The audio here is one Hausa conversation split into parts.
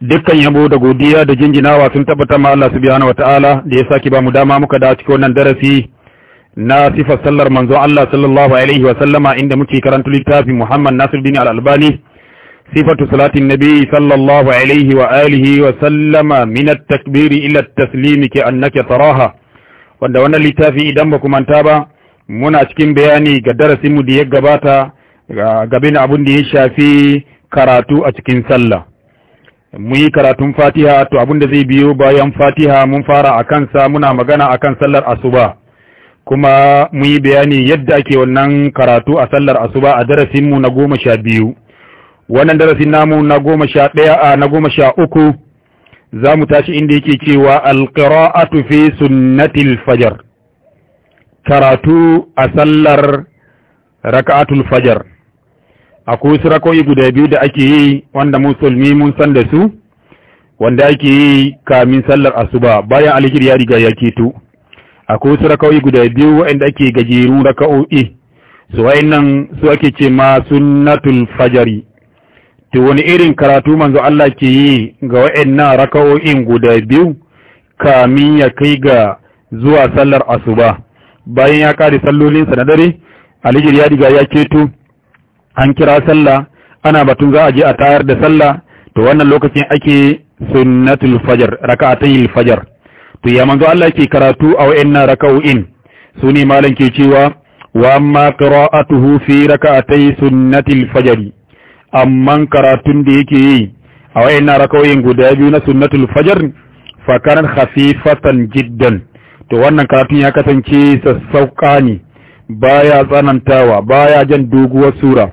dukkan yabo da godiya da jinjinawa sun tabbata ma Allah subhanahu wataala da ya saki ba mu dama muka da cikin wannan darasi na sifar sallar manzo Allah sallallahu alaihi wa sallama inda muke karanta littafin Muhammad Nasiruddin Al-Albani sifatu salatin nabi sallallahu alaihi wa alihi wa sallama min at-takbir ila at-taslim ki annaka taraha wanda wannan littafi idan ba ku ba muna cikin bayani ga darasin mu da ya gabata gabin abun da ya shafi karatu a cikin sallah mun yi karatun fatiha to abin da zai biyo bayan fatiha mun fara a kansa muna magana a kan sallar asuba kuma mun yi bayani yadda ake wannan karatu a sallar asuba a darasinmu na goma sha biyu wannan darasin namu na goma sha ɗaya a na goma sha uku za mu tashi inda yake cewa alƙira'atu fi sunnatil fajar karatu a sallar raka'atul fajar akwai wasu rakoyi guda biyu da ake yi wanda musulmi mun san da su wanda ake yi kamin sallar asuba bayan alikir ya riga ya keto akwai wasu guda biyu waɗanda ake gajeru raka'o'i su wayannan su ake ce ma sunnatul fajari to wani irin karatu manzo Allah ke yi ga waɗannan raka'o'in guda biyu kamin ya kai ga zuwa sallar asuba bayan ya kare sallolinsa na dare alijir ya riga ya keto an kira sallah ana batun za a je a tayar da sallah to wannan lokacin ake sunnatul fajr rak'atayil fajr to ya manzo Allah yake karatu a wayannan raka'o'in sune malan ke cewa wa amma qira'atuhu fi rak'atay sunnatil fajr amma karatun da yake yi a wayannan raka'o'in guda biyu na sunnatul fajr fa kana khafifatan jiddan to wannan karatun ya kasance sassauka ne baya tsanantawa baya jan doguwar sura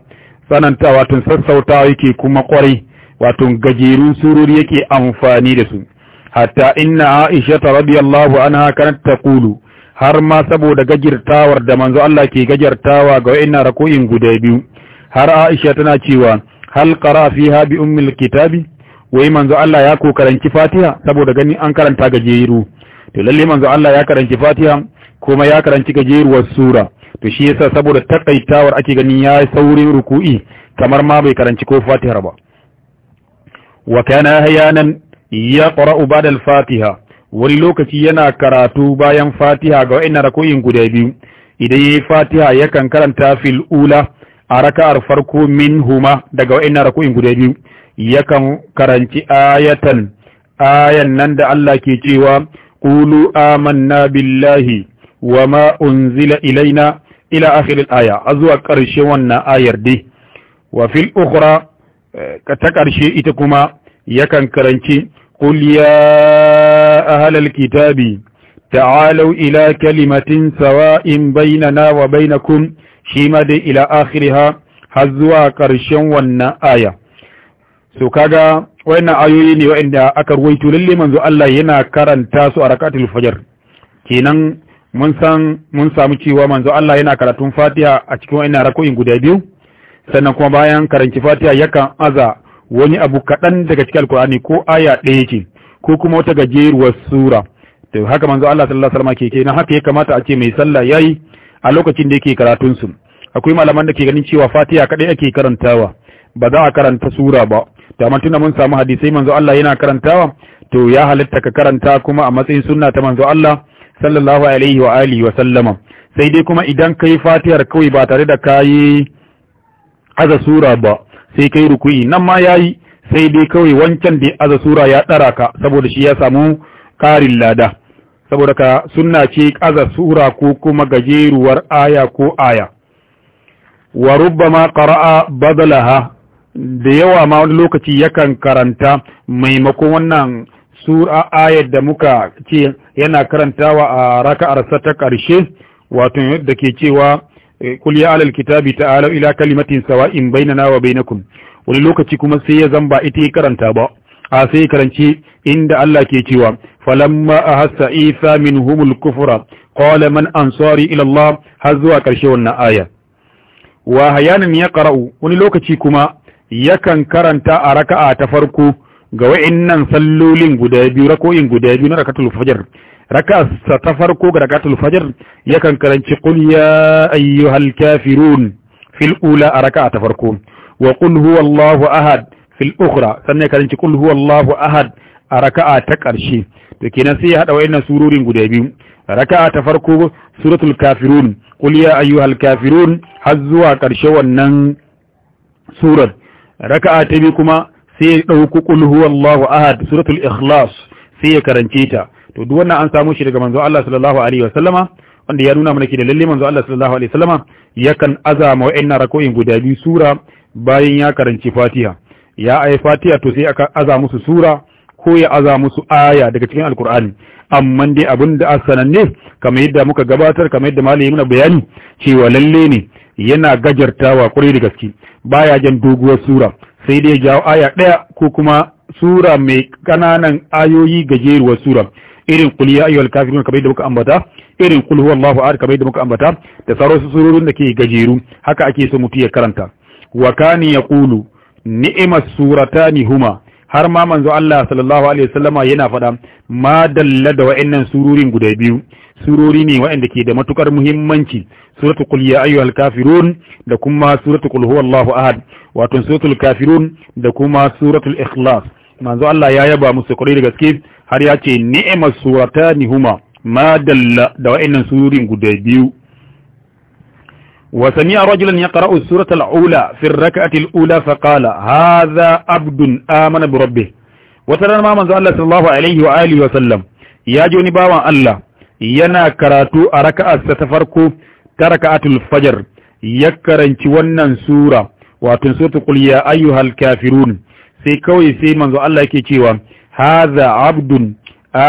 sananta sassauta sassautawa yake kuma kwarai wato gajerun surori yake amfani da su hatta inna aisha ta radiyallahu haka ta kulu har ma saboda gajirtawar da manzo Allah ke gajartawa ga wa'annan rako'in guda biyu har aisha tana cewa hal qara fiha bi ummil kitabi wai manzo Allah ya ko karanci fatiha saboda gani an karanta gajeru to lalle manzo Allah ya karanci fatiha kuma ya karanci gajeruwar sura to shi yasa saboda takaitawar ake ganin ya yi saurin ruku'i kamar ma bai karanci ko fatihar ba wa kana hayanan ya qara'u ba'da al-fatiha wani lokaci yana karatu bayan fatiha ga wa'annan rakoyin guda biyu idan yayi fatiha yakan karanta fil ula a raka'ar farko min huma daga wa'annan rakoyin guda biyu yakan karanci ayatan ayan nan da Allah ke cewa qulu amanna billahi wa ma unzila ilaina ila akhiril aya a zuwa ƙarshe wannan ayar dai wa fil ukhra ta ƙarshe ita kuma yakan karanci qul ya ahlal kitabi ta'alu ila kalimatin sawa'in bainana wa bainakum shi ma dai ila akhiriha har zuwa ƙarshen wannan aya so kaga wayannan ayoyi ne wayanda aka ruwaito lalle manzo Allah yana karanta su a rakatul fajr kenan mun san mun samu cewa manzo Allah yana karatun Fatiha a cikin wannan rako'in guda biyu sannan kuma bayan karanci Fatiha yakan aza wani abu kaɗan daga cikin Alkur'ani ko aya ɗaya ce ko kuma wata gajeruwar sura to haka manzo Allah sallallahu alaihi wasallam ke kenan haka ya kamata a ce mai sallah yayi a lokacin da yake karatun su akwai malaman da ke ganin cewa Fatiha kadai ake karantawa ba za a karanta sura ba da amma tunda mun samu hadisai manzo Allah yana karantawa to ya halitta ka karanta kuma a matsayin sunna ta manzo Allah sallallahu alaihi wa alihi wa sallama sai dai kuma idan kai fatihar kawai ba tare da kayi aza sura ba sai kai ruku'i nan ma yayi sai dai kawai wancan da aza sura ya dara ka saboda shi ya samu karin lada saboda ka sunna ce aza sura ko kuma gajeruwar aya ko aya wa rubbama qara'a badalaha da yawa ma wani lokaci yakan karanta maimakon wannan sura ayar da muka ce yana karantawa a raka'arsa ta ƙarshe wato da ke cewa kul eh, ya alal kitabi ta'ala ila kalimatin sawa'in bainana wa bainakum wani lokaci kuma sai ya zamba ita ya karanta ba a sai karanci inda Allah ke cewa falamma ahassa isa minhumul kufra qala man ansari ila Allah har zuwa karshe wannan aya wa hayanan ya qara'u wani lokaci kuma yakan karanta a raka'a ta farko ga wa'annan sallolin guda biyu rako'in guda biyu na rakatul fajr raka ta farko ga rakatul fajr yakan karanci qul ya ayyuhal kafirun fil ula a raka ta farko wa qul huwallahu ahad fil ukhra sannan karanci qul huwallahu ahad a raka'a ta karshe to kenan sai ya hada wayannan surorin guda biyu raka'a ta farko suratul kafirun qul ya ayyuhal kafirun har zuwa ƙarshe wannan surar raka'a ta biyu kuma sai ya ɗauki ƙulhu Allahu ahad suratul ikhlas sai ya karance ta to duk wannan an samu shi daga manzo Allah sallallahu alaihi wasallama wanda ya nuna mana ke da lalle manzo Allah sallallahu alaihi wasallama yakan azama wa'annan rako'in guda biyu sura bayan ya karanci Fatiha ya ayi Fatiha to sai aka aza musu sura ko ya aza musu aya daga cikin alkur'ani amma dai abin da asanan ne kamar yadda muka gabatar kamar yadda malami muna bayani cewa lalle ne yana gajartawa kwarai da gaske baya jan doguwar sura sai dai jawo aya ɗaya ko kuma sura mai ƙananan ayoyi gajeruwar sura irin kuliya ya ayyuhal kafirun kamar da muka ambata irin kul huwallahu ahad kamar da muka ambata da sauran surorin da ke gajeru haka ake so mutum ya karanta wa kani yaqulu ni'ma suratani huma har ma manzo Allah sallallahu alaihi wasallama yana faɗa ma dalla da wa'annan surorin guda biyu surori ne wa'anda ke da matukar muhimmanci suratul qul ya ayyuhal kafirun da kuma suratul qul huwallahu ahad wato suratul kafirun da kuma suratul ikhlas manzo Allah ya yaba musu kwarai da gaske har ya ce ni'mas suratani huma ma dalla da wa'annan surorin guda biyu وسمع رجلا يقرأ السورة الأولى في الركعة الأولى فقال هذا عبد آمن بربه وترى ما من الله صلى الله عليه وآله وسلم يا جوني باوا الله ينا كراتو أركعة ستفركو تركعة الفجر يكرن تونن سورة واتن سورة قل يا أيها الكافرون سيكوي سي من الله كي هذا عبد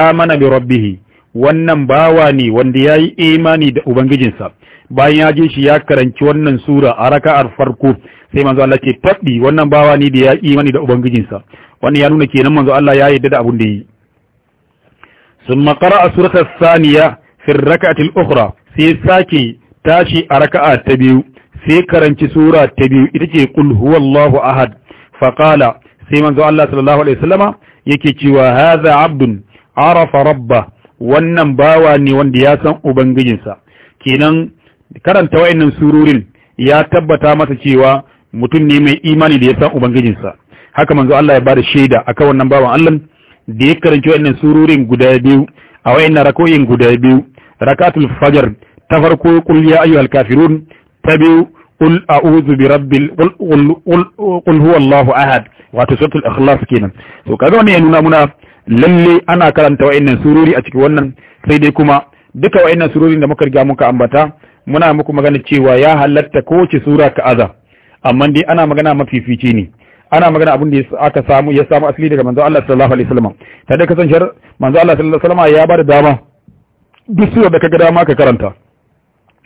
آمن بربه wannan bawa ne wanda ya yi imani da ubangijinsa bayan ya je shi ya karanci wannan sura a raka'ar farko sai manzo Allah ce faɗi wannan bawa ne da ya yi imani da ubangijinsa wannan ya nuna kenan manzo Allah ya yarda da a da yi summa qara'a surata thaniya fi rak'ati al-ukhra sai sake tashi a raka'a ta biyu sai karanci sura ta biyu ita ce qul huwallahu ahad faqala sai manzo Allah sallallahu alaihi wasallama yake cewa hadha abdun arafa rabba. wannan bawa ne wanda ya san ubangijinsa kenan karanta wayannan sururin ya tabbata masa cewa mutum ne mai imani da ya san ubangijinsa haka manzo Allah ya ba da shaida akan wannan bawan Allah da ya karanci wayannan surorin guda biyu a wayannan rakoyin guda biyu rakatul fajar ta farko qul ya ayyuhal ta biyu qul a'udhu bi rabbil qul qul huwallahu ahad wato suratul ikhlas kenan to kaga wannan ya nuna muna lalle ana karanta wa'annan sururi a cikin wannan sai dai kuma duka wa'annan surorin da muka riga muka ambata muna muku magana cewa ya halatta kowace sura ka aza amma dai ana magana mafifici ne ana magana abin da aka samu ya samu asali daga manzo Allah sallallahu alaihi wasallam ta da kasancewar manzo Allah sallallahu alaihi wasallam ya ba da dama duk sura da kaga dama ka karanta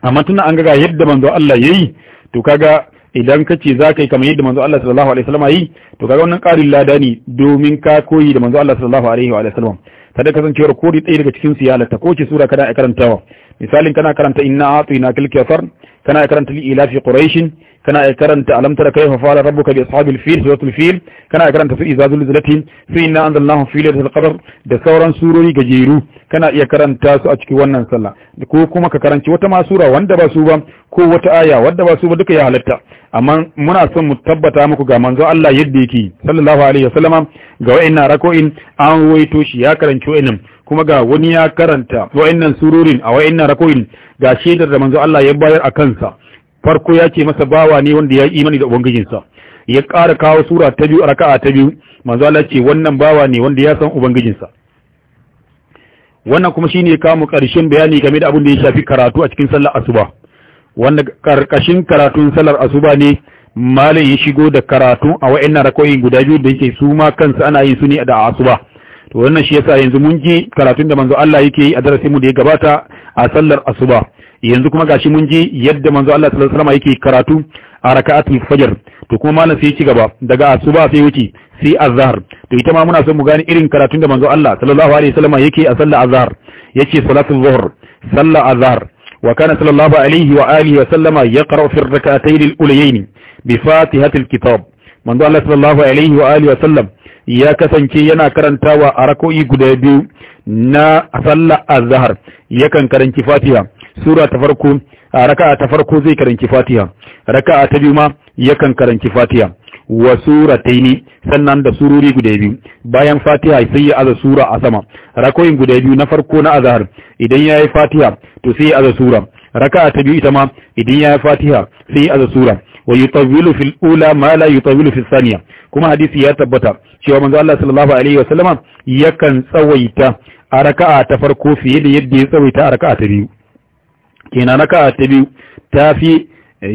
amma tunan an ga yadda manzo Allah yayi to kaga idan ka ce za ka yi kamar yadda manzo Allah sallallahu alaihi wasallam yi to kaga wannan ƙarin lada ne domin ka koyi da manzo Allah sallallahu alaihi wa sallam kada kasancewar kori ɗaya daga cikin su ya lata ko ce sura kana karantawa misalin kana karanta inna atina kal kafar kana karanta li ilafi quraish kana karanta alam tara kayfa fa'ala rabbuka bi ashabil fil suratul fil kana karanta fi izazul zilati fi inna anzalnahu fi lailatul qadr da sauran surori gajeru kana iya karanta su a cikin wannan sallah ko kuma ka karanci wata ma sura wanda ba su ba ko wata aya wanda ba su ba duka ya halatta amma muna son mu tabbata muku ga manzo Allah yadda yake sallallahu alaihi wasallama ga wa'annan rako'in an waito shi ya karanci wa'annan kuma ga wani ya karanta wa'annan sururin a wa'annan rakoin ga shaidar da manzo Allah ya bayar a kansa farko ya ce masa bawa ne wanda ya yi imani da ubangijinsa ya ƙara kawo sura ta biyu raka'a ta biyu manzo Allah ce wannan bawa ne wanda ya san ubangijinsa wannan kuma shine ya kawo ƙarshen bayani game da abin da ya shafi karatu a cikin sallar asuba wanda karkashin karatun sallar asuba ne malam ya shigo da karatu a wa'annan rakoin guda biyu da yake su ma kansa ana yin su ne da asuba to wannan shi yasa yanzu mun ji karatun da manzo Allah yake yi a darasin mu da ya gabata a sallar asuba yanzu kuma gashi mun ji yadda manzo Allah sallallahu alaihi wasallam yake karatu a raka'atul fajr to kuma malam sai ya ci gaba daga asuba sai wuce sai azhar to ita ma muna son mu gane irin karatun da manzo Allah sallallahu alaihi wasallam yake a sallar azhar yace salatul zuhr sallar azhar وكان صلى الله عليه وآله وسلم يقرأ في الركعتين الأوليين بفاتحة الكتاب منذ الله صلى wa عليه wa وسلم ya kasance yana karantawa a rako'i guda biyu na sallah azhar yakan karanci fatiha sura ta farko a raka'a ta farko zai karanci fatiha raka'a ta biyu ma yakan karanci fatiha wa surataini sannan da sururi guda biyu bayan fatiha sai ya aza sura a sama rakoyin guda biyu na farko na azhar idan yayi fatiha to sai ya aza sura raka'a ta biyu ita ma idan yayi fatiha sai ya aza sura wa yutawwilu fil ula ma la yutawwilu fil thaniya kuma hadisi ya tabbata cewa manzo Allah sallallahu alaihi wasallama yakan tsawaita a raka'a ta farko fiye da yadda ya tsawaita a raka'a ta biyu kenan raka'a ta biyu ta fi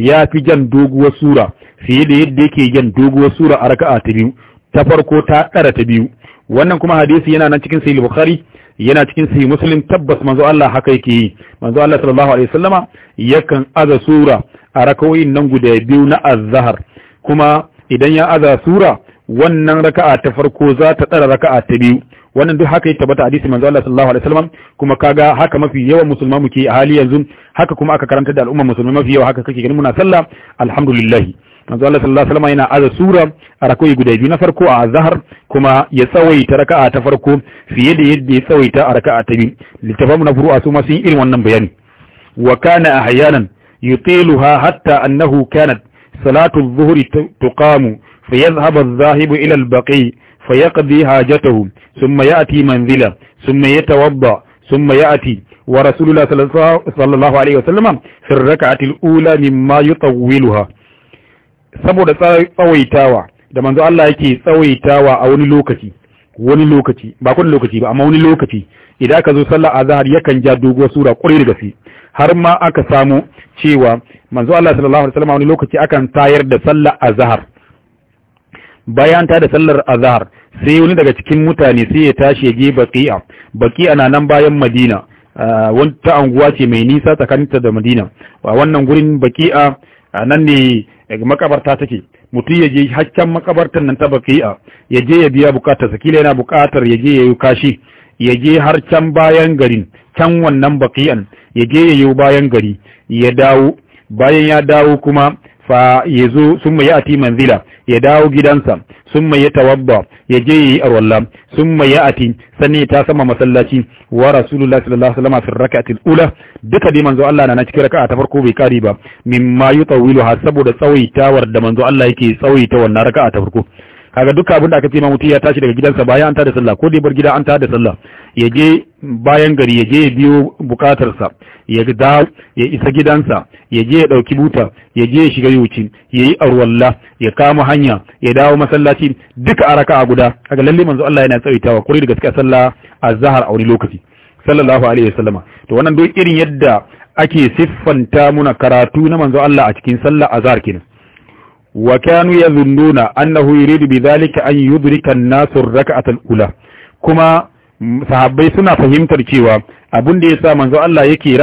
ya fi jan doguwar sura fiye da yadda yake jan doguwar sura a raka'a ta biyu ta farko ta ɗara ta biyu wannan kuma hadisi yana nan cikin sahih bukhari yana cikin sahih muslim tabbas manzo Allah haka yake yi manzo Allah sallallahu alaihi wasallama yakan aza sura a rakawoyin nan guda biyu na azahar kuma idan ya aza sura wannan raka'a ta farko za ta tsara raka'a ta biyu wannan duk haka ya tabbata hadisi manzo Allah sallallahu alaihi wasallam kuma kaga haka mafi yawan musulma muke a hali yanzu haka kuma aka karanta da al'umma musulmai mafi yawa haka kake ganin muna sallah alhamdulillah manzo Allah sallallahu alaihi wasallam yana aza sura a rakoi guda biyu na farko a zahar kuma ya tsawaita raka'a ta farko fiye da yadda ya tsawaita a raka'a ta biyu littafin na furu'a su ma sun irin wannan bayani wa kana ahyanan يطيلها حتى أنه كانت صلاة الظهر تقام فيذهب الذاهب إلى البقي فيقضي حاجته ثم يأتي منزله ثم يتوضأ ثم يأتي ورسول الله صلى الله عليه وسلم في الركعة الأولى مما يطولها saboda tsawaitawa da manzo Allah yake tsawaitawa a wani lokaci wani lokaci ba kun lokaci ba amma wani lokaci idan ka zo sallar azhar yakan ja doguwar sura kure da gaske har ma aka samu cewa manzo Allah sallallahu alaihi wasallam wani lokaci akan tayar da sallar azhar bayan ta da sallar azhar sai wani daga cikin mutane sai ya tashi ya je baqi'a baqi'a na nan bayan madina ah, wata anguwa ce mai nisa tsakaninta da madina a wannan gurin baqi'a nan ne eh, makabarta take mutum ya je haccen makabartar nan ta baqi'a ya je ya biya bukatar sakila yana bukatar ya je ya yi kashi ya je har can bayan garin can wannan baƙiyan ya je ya yi bayan gari ya dawo bayan ya dawo kuma fa ya zo sun mai ati manzila ya dawo gidansa sun mai ya tawabba ya je ya yi a sun mai ya ati sannan ta sama masallaci wa rasulullah sallallahu alaihi wasallam fi rak'atil ula duka dai manzo Allah na cikin raka'a ta farko bai kare ba mimma yutawilu har saboda tsawaitawar da manzo Allah yake tsawaita wannan raka'a ta farko kaga duk abin da aka ce ma mutum ya tashi daga gidansa bayan an tada sallah ko dai bar gida an tada sallah ya je bayan gari ya je ya biyo bukatarsa ya da ya isa gidansa ya je ya dauki buta ya je ya shiga yuci ya yi arwalla ya kama hanya ya dawo masallaci duka araka a guda kaga lalle manzo Allah yana tsawaitawa kuri da gaskiya sallah azhar a wani lokaci sallallahu alaihi wasallama to wannan duk irin yadda ake siffanta muna karatu na manzo Allah a cikin sallah azhar kenan wa kanu yadhunnuna annahu yuridu bidhalika an yudrika an nasu ar-rak'ata al-ula kuma sahabbai suna fahimtar cewa abin da yasa manzo Allah yake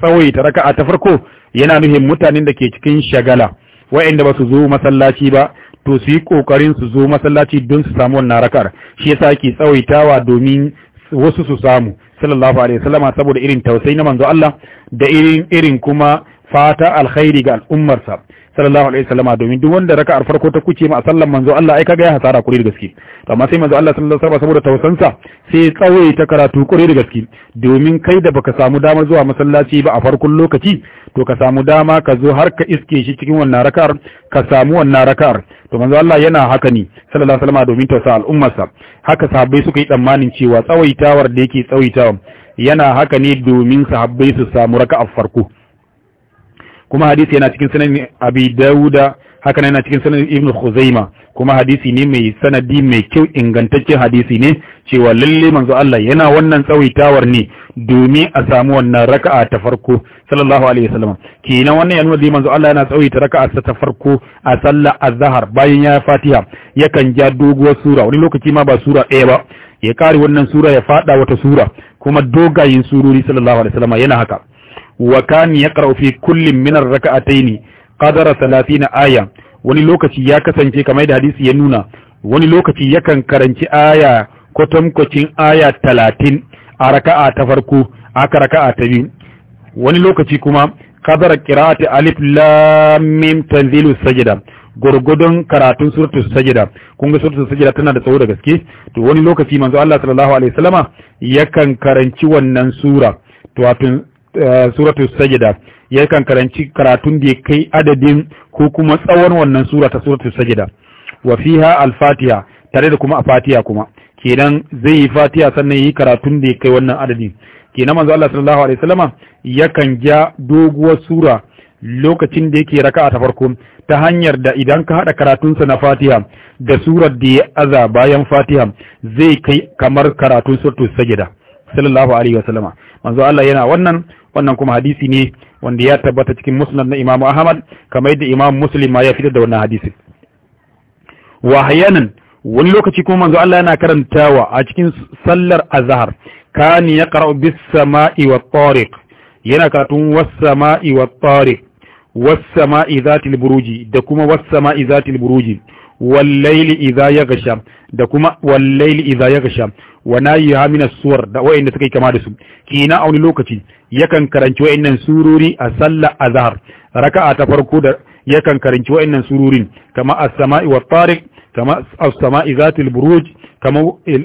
tsawaita raka'a ta farko yana nufin mutanen da ke cikin shagala wa'anda ba su zo masallaci ba to su yi kokarin su zo masallaci don su samu wannan rakar shi yasa yake tsawaitawa domin wasu su samu sallallahu alaihi wasallama saboda irin tausayi na manzo Allah da irin irin kuma fata alkhairi ga al'ummarsa sallallahu alaihi wasallama domin duk wanda raka'ar farko ta kuce ma a sallan manzo Allah ai kaga ya hasara kuri da gaske to amma sai manzo Allah sallallahu alaihi wasallama saboda tausansa sai tsawaye ta karatu kuri da gaske domin kai da baka samu damar zuwa masallaci ba a farkon lokaci to ka samu dama ka zo har ka iske shi cikin wannan raka'ar ka samu wannan raka'ar to manzo Allah yana haka ne sallallahu alaihi wasallama domin tausa al'ummarsa haka sahabbai suka yi tsammanin cewa tsawaitawar da yake tsawaitawa yana haka ne domin sahabbai su samu raka'ar farko kuma hadisi yana cikin sunan abi dauda haka yana cikin sunan ibnu khuzaima kuma hadisi ne mai sanadi mai kyau ingantaccen hadisi ne cewa lalle manzo Allah yana wannan tsawaitawar ne domin a samu wannan raka'a ta farko sallallahu alaihi wasallam kenan wannan yana nuna manzo Allah yana tsawaita raka'a ta farko a sallar azhar bayan ya fatiha yakan ja doguwar sura wani lokaci ma ba sura ɗaya ba ya kare wannan sura ya fada wata sura kuma dogayen sururi sallallahu alaihi wasallam yana haka wa kan yaqra fi kulli min ar-rak'atayn qadara 30 aya wani lokaci ya kasance kamar da hadisi ya nuna wani lokaci yakan karanci aya tamkocin aya 30 a raka'a ta farko aka raka'a ta biyu wani lokaci kuma qadara qira'ati alif lam mim tanzilu sajda gurgudun karatun suratul sajda kun ga suratul sajda tana da tsawo da gaske to wani lokaci manzo Allah sallallahu alaihi wasallama yakan karanci wannan sura to wato Eh, suratu ya kan karanci karatun da kai adadin ko kuma tsawon wannan sura ta suratu sajda wa fiha al-fatiha tare da kuma a fatiha kuma kenan zai yi fatiha sannan yi karatun da kai wannan adadin kenan manzo Allah sallallahu alaihi wasallama kan ja doguwar sura lokacin da yake raka'a ta farko ta hanyar da idan ka hada sa na Fatiha da surar da ya aza bayan Fatiha zai kai kamar karatun suratu Sajda sallallahu alaihi wasallama manzo Allah yana wannan wannan kuma hadisi ne wanda ya tabbata cikin musnad na Imam Ahmad kamar yadda Imam Muslim ma ya fitar da wannan hadisin wa wani lokaci kuma manzo Allah yana karantawa a cikin sallar azhar kani yaqra'u bis sama'i wat tariq yana karatun was sama'i wat tariq was sama'i zatil buruji da kuma was sama'i zatil buruji wallaili idza yaghsha da kuma wallaili idza yaghsha wa nayiha min as-suwar da wayanda suka yi kama da su kina a wani lokaci yakan karanci wayannan surori a sallar azhar raka'a ta farko da yakan karanci wayannan surorin kama as-sama'i wa tariq kama as-sama'i zatil buruj kama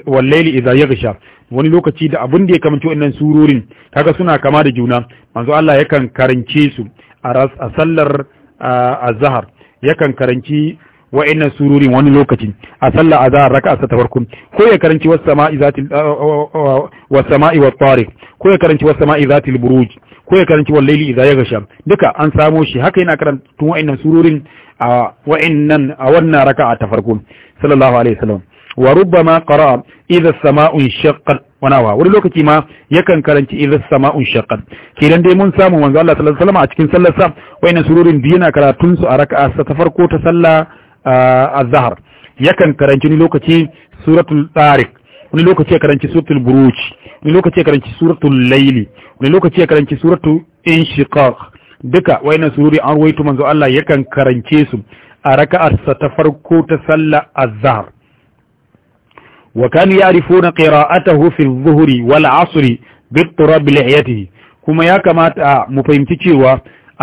wallaili idza yaghsha wani lokaci da abun da ya kamanci wayannan surorin kaga suna kama da juna manzo Allah yakan karance su a sallar azhar yakan karanci wa'annan sururin wani lokaci a sallah a azhar raka ta farko ko ya karanci wasu sama'i zatil uh, uh, uh, was sama'i wat tariq ko ya karanci wasu sama'i zatil buruj ko ya karanci laili layli ya gasha duka an samo shi haka yana karantun wa'annan sururin a wa'annan a wannan raka ta farko sallallahu alaihi wasallam wa ma qara'a idza as-sama'u shaqqat wa nawa wani lokaci ma yakan karanci idza sama'un samau shaqqat kidan dai mun samu manzo Allah sallallahu alaihi wasallam a cikin sallarsa sa wa'annan sururin biyu na karatun su a raka'a ta farko ta sallah azhar yakan karanci ni lokaci suratul tariq wani lokaci ya karanci suratul buruj wani lokaci ya karanci suratul laili wani lokaci ya karanci suratul inshiqaq duka wayannan sururi an ruwaito manzo Allah yakan karance su a raka'arsa ta farko ta sallar azhar wa kanu ya'rifuna qira'atahu fi adh-dhuhri wal 'asri bi turab li'yatihi kuma ya kamata mu fahimci cewa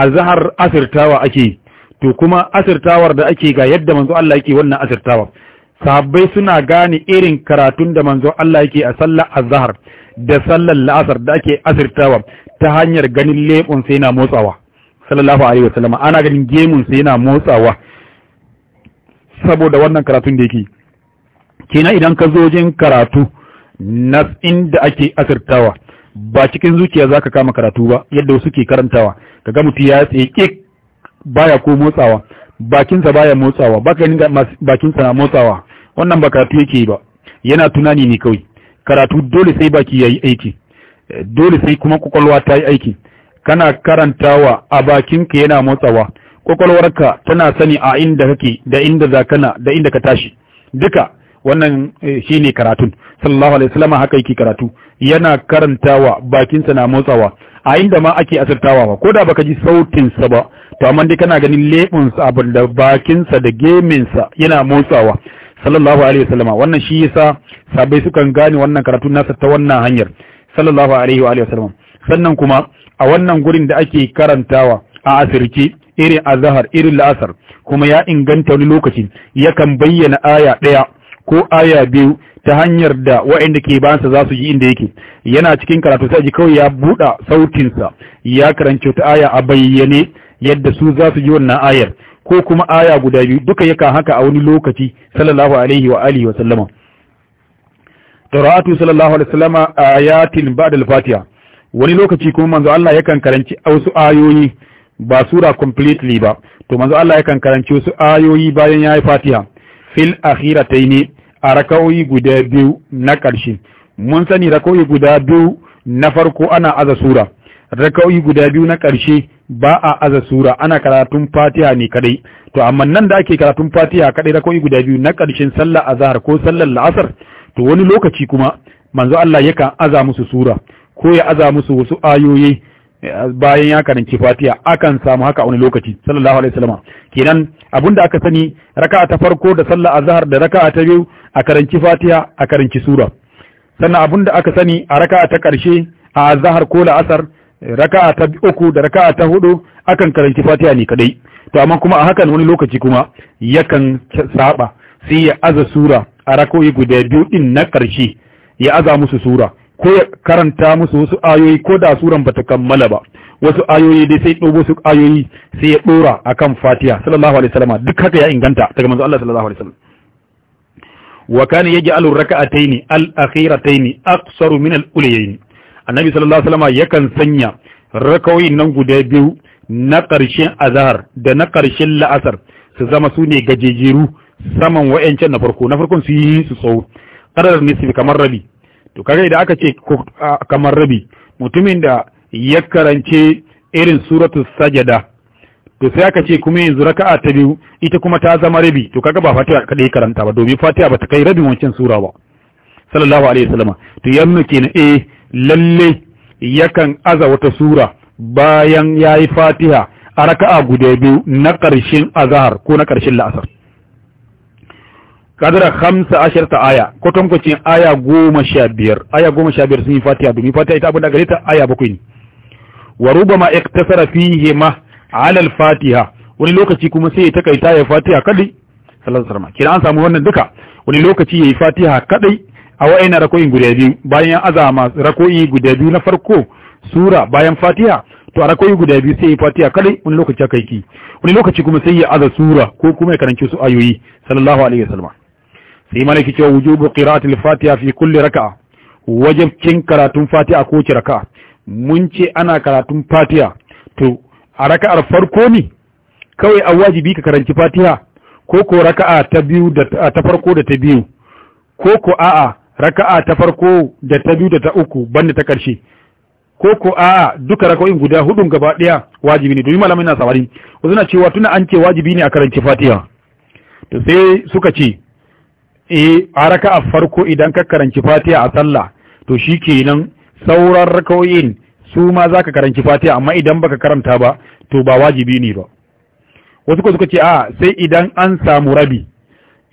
azhar asirtawa ake to kuma asirtawar da ake ga yadda manzo Allah yake wannan asirtawar sahabbai suna gane irin karatun da manzo Allah yake a sallar azhar da sallar la'asar da ake asirtawa ta hanyar ganin lebon sai yana motsawa sallallahu alaihi wasallam ana ganin gemun sai yana motsawa saboda wannan karatun da yake kina idan ka zo jin karatu na inda ake asirtawa ba cikin zuciya zaka kama karatu ba yadda suke karantawa kaga mutum ya tsaye baya ko motsawa bakinsa baya motsawa baka ninka bakinsa na motsawa wannan ba karatu yake ba yana tunani ne kawai karatu dole sai baki yayi aiki eh, dole sai kuma kwakwalwa ta yi aiki kana karantawa a bakinka yana motsawa kwakwalwarka tana sani a inda kake da inda kana da inda ka tashi duka wannan eh, shi ne karatun sallallahu alaihi wasallam haka yake karatu yana karantawa bakinsa na motsawa a inda ma ake asirtawa ko da baka ji sautin sa ba to amma dai kana ganin sa abin da bakinsa da sa yana motsawa sallallahu alaihi wasallama wannan shi yasa sabai sukan gane wannan karatu nasa ta wannan hanyar sallallahu alaihi wa wasallama sannan kuma a wannan gurin da ake karantawa a asirce irin azhar irin la'asar kuma ya inganta wani lokaci yakan bayyana aya ɗaya ko aya biyu ta hanyar da waɗanda ke bayansa za su ji inda yake yana cikin karatu sai ji kawai ya buɗa sautinsa ya karanci ta aya a bayyane yadda su za su ji wannan ayar ko kuma aya guda biyu duka yaka haka a wani lokaci sallallahu alaihi wa alihi wa sallama qira'atu sallallahu alaihi wa sallama ayatin ba'da al-fatiha wani lokaci kuma manzo Allah yakan karanci wasu ayoyi ba sura completely ba to manzo Allah yakan karanci wasu ayoyi bayan yayi fatiha fil akhirataini a guda biyu na karshe mun sani rakawi guda biyu na farko ana aza sura raka'o'i guda biyu na ƙarshe ba a aza sura ana karatun fatiha ne kadai to amma nan da ake karatun fatiha kadai raka'o'i guda biyu na ƙarshen sallar azhar ko sallar la'asar to wani lokaci kuma manzo Allah ya kan aza musu sura ko ya aza musu wasu ayoyi bayan ya karanci fatiha akan samu haka wani lokaci sallallahu alaihi wasallam kenan abinda aka sani raka'a ta farko da sallar azhar da raka'a ta biyu a karanci fatiha a karanci sura sannan da aka sani a raka'a ta karshe a azhar ko la'asar raka'a ta uku da raka'a ta hudu akan karanci fatiha ne kadai to amma kuma a hakan wani lokaci kuma yakan saba sai ya aza sura a rakoyi guda biyu din na karshe ya aza musu sura ko ya karanta musu wasu ayoyi ko da suran bata kammala ba wasu ayoyi dai sai dogo su ayoyi sai ya dora akan fatiha sallallahu alaihi wasallam duk haka ya inganta daga manzo Allah sallallahu alaihi wasallam wa kana yaj'alu rak'ataini al-akhirataini aqsaru min al-ulayaini annabi sallallahu alaihi wasallam yakan sanya rakawai nan guda biyu na ƙarshen azhar da na ƙarshen la'asar su zama su ne gajejeru saman wa'ancan na farko na farkon su yi su tsawo ƙarar nisfi kamar rabi to kaga idan aka ce kamar rabi mutumin da ya karance irin suratul sajada to sai aka ce kuma yanzu raka'a ta biyu ita kuma ta zama rabi to kaga ba fatiha kadai karanta ba domin fatiha ba ta kai rabin wancan sura ba sallallahu alaihi wasallam to yanna kenan eh lalle yakan aza wata sura bayan ya yi fatiha a raka'a guda biyu na ƙarshen azahar ko na ƙarshen la'asar kadara hamsa ashir ta aya kwatankwacin aya goma sha biyar aya goma sha biyar sun yi fatiha domin fatiha ita abin da gare ta aya bakwai ne wa ma iktasara fihi ma a halar fatiha wani lokaci kuma sai ya takaita ya fatiha kadai sallallahu alaihi wasallam kina an samu wannan duka wani lokaci ya yi fatiha kadai a wa'ina rako'i guda biyu bayan azama rako'i guda biyu na farko sura bayan fatiha to a rako'i guda biyu sai fatiha kadai wani lokaci aka yi wani lokaci kuma sai ya aza sura ko kuma ya karanci su ayoyi sallallahu alaihi wasallam sai malaki cewa wujubu qira'atil fatiha fi kulli raka'a wajibcin karatun fatiha ko ci raka'a mun ce ana karatun fatiha to a raka'ar farko ne kawai a wajibi ka karanci fatiha ko ko raka'a ta biyu da ta farko da ta biyu ko ko a'a raka'a ta farko da ta biyu da ta uku banda ta ƙarshe ko ko a duka raka'o'in guda hudun gaba ɗaya wajibi ne domin malamai na sawari wasu na cewa tuna an ce wajibi ne a karanci fatiha to sai suka ce eh a raka'a farko idan ka karanci fatiha a sallah to shi nan sauran raka'o'in su ma za ka karanci fatiha amma idan baka karanta ba to ba wajibi ne ba wasu ko suka ce a sai idan an samu rabi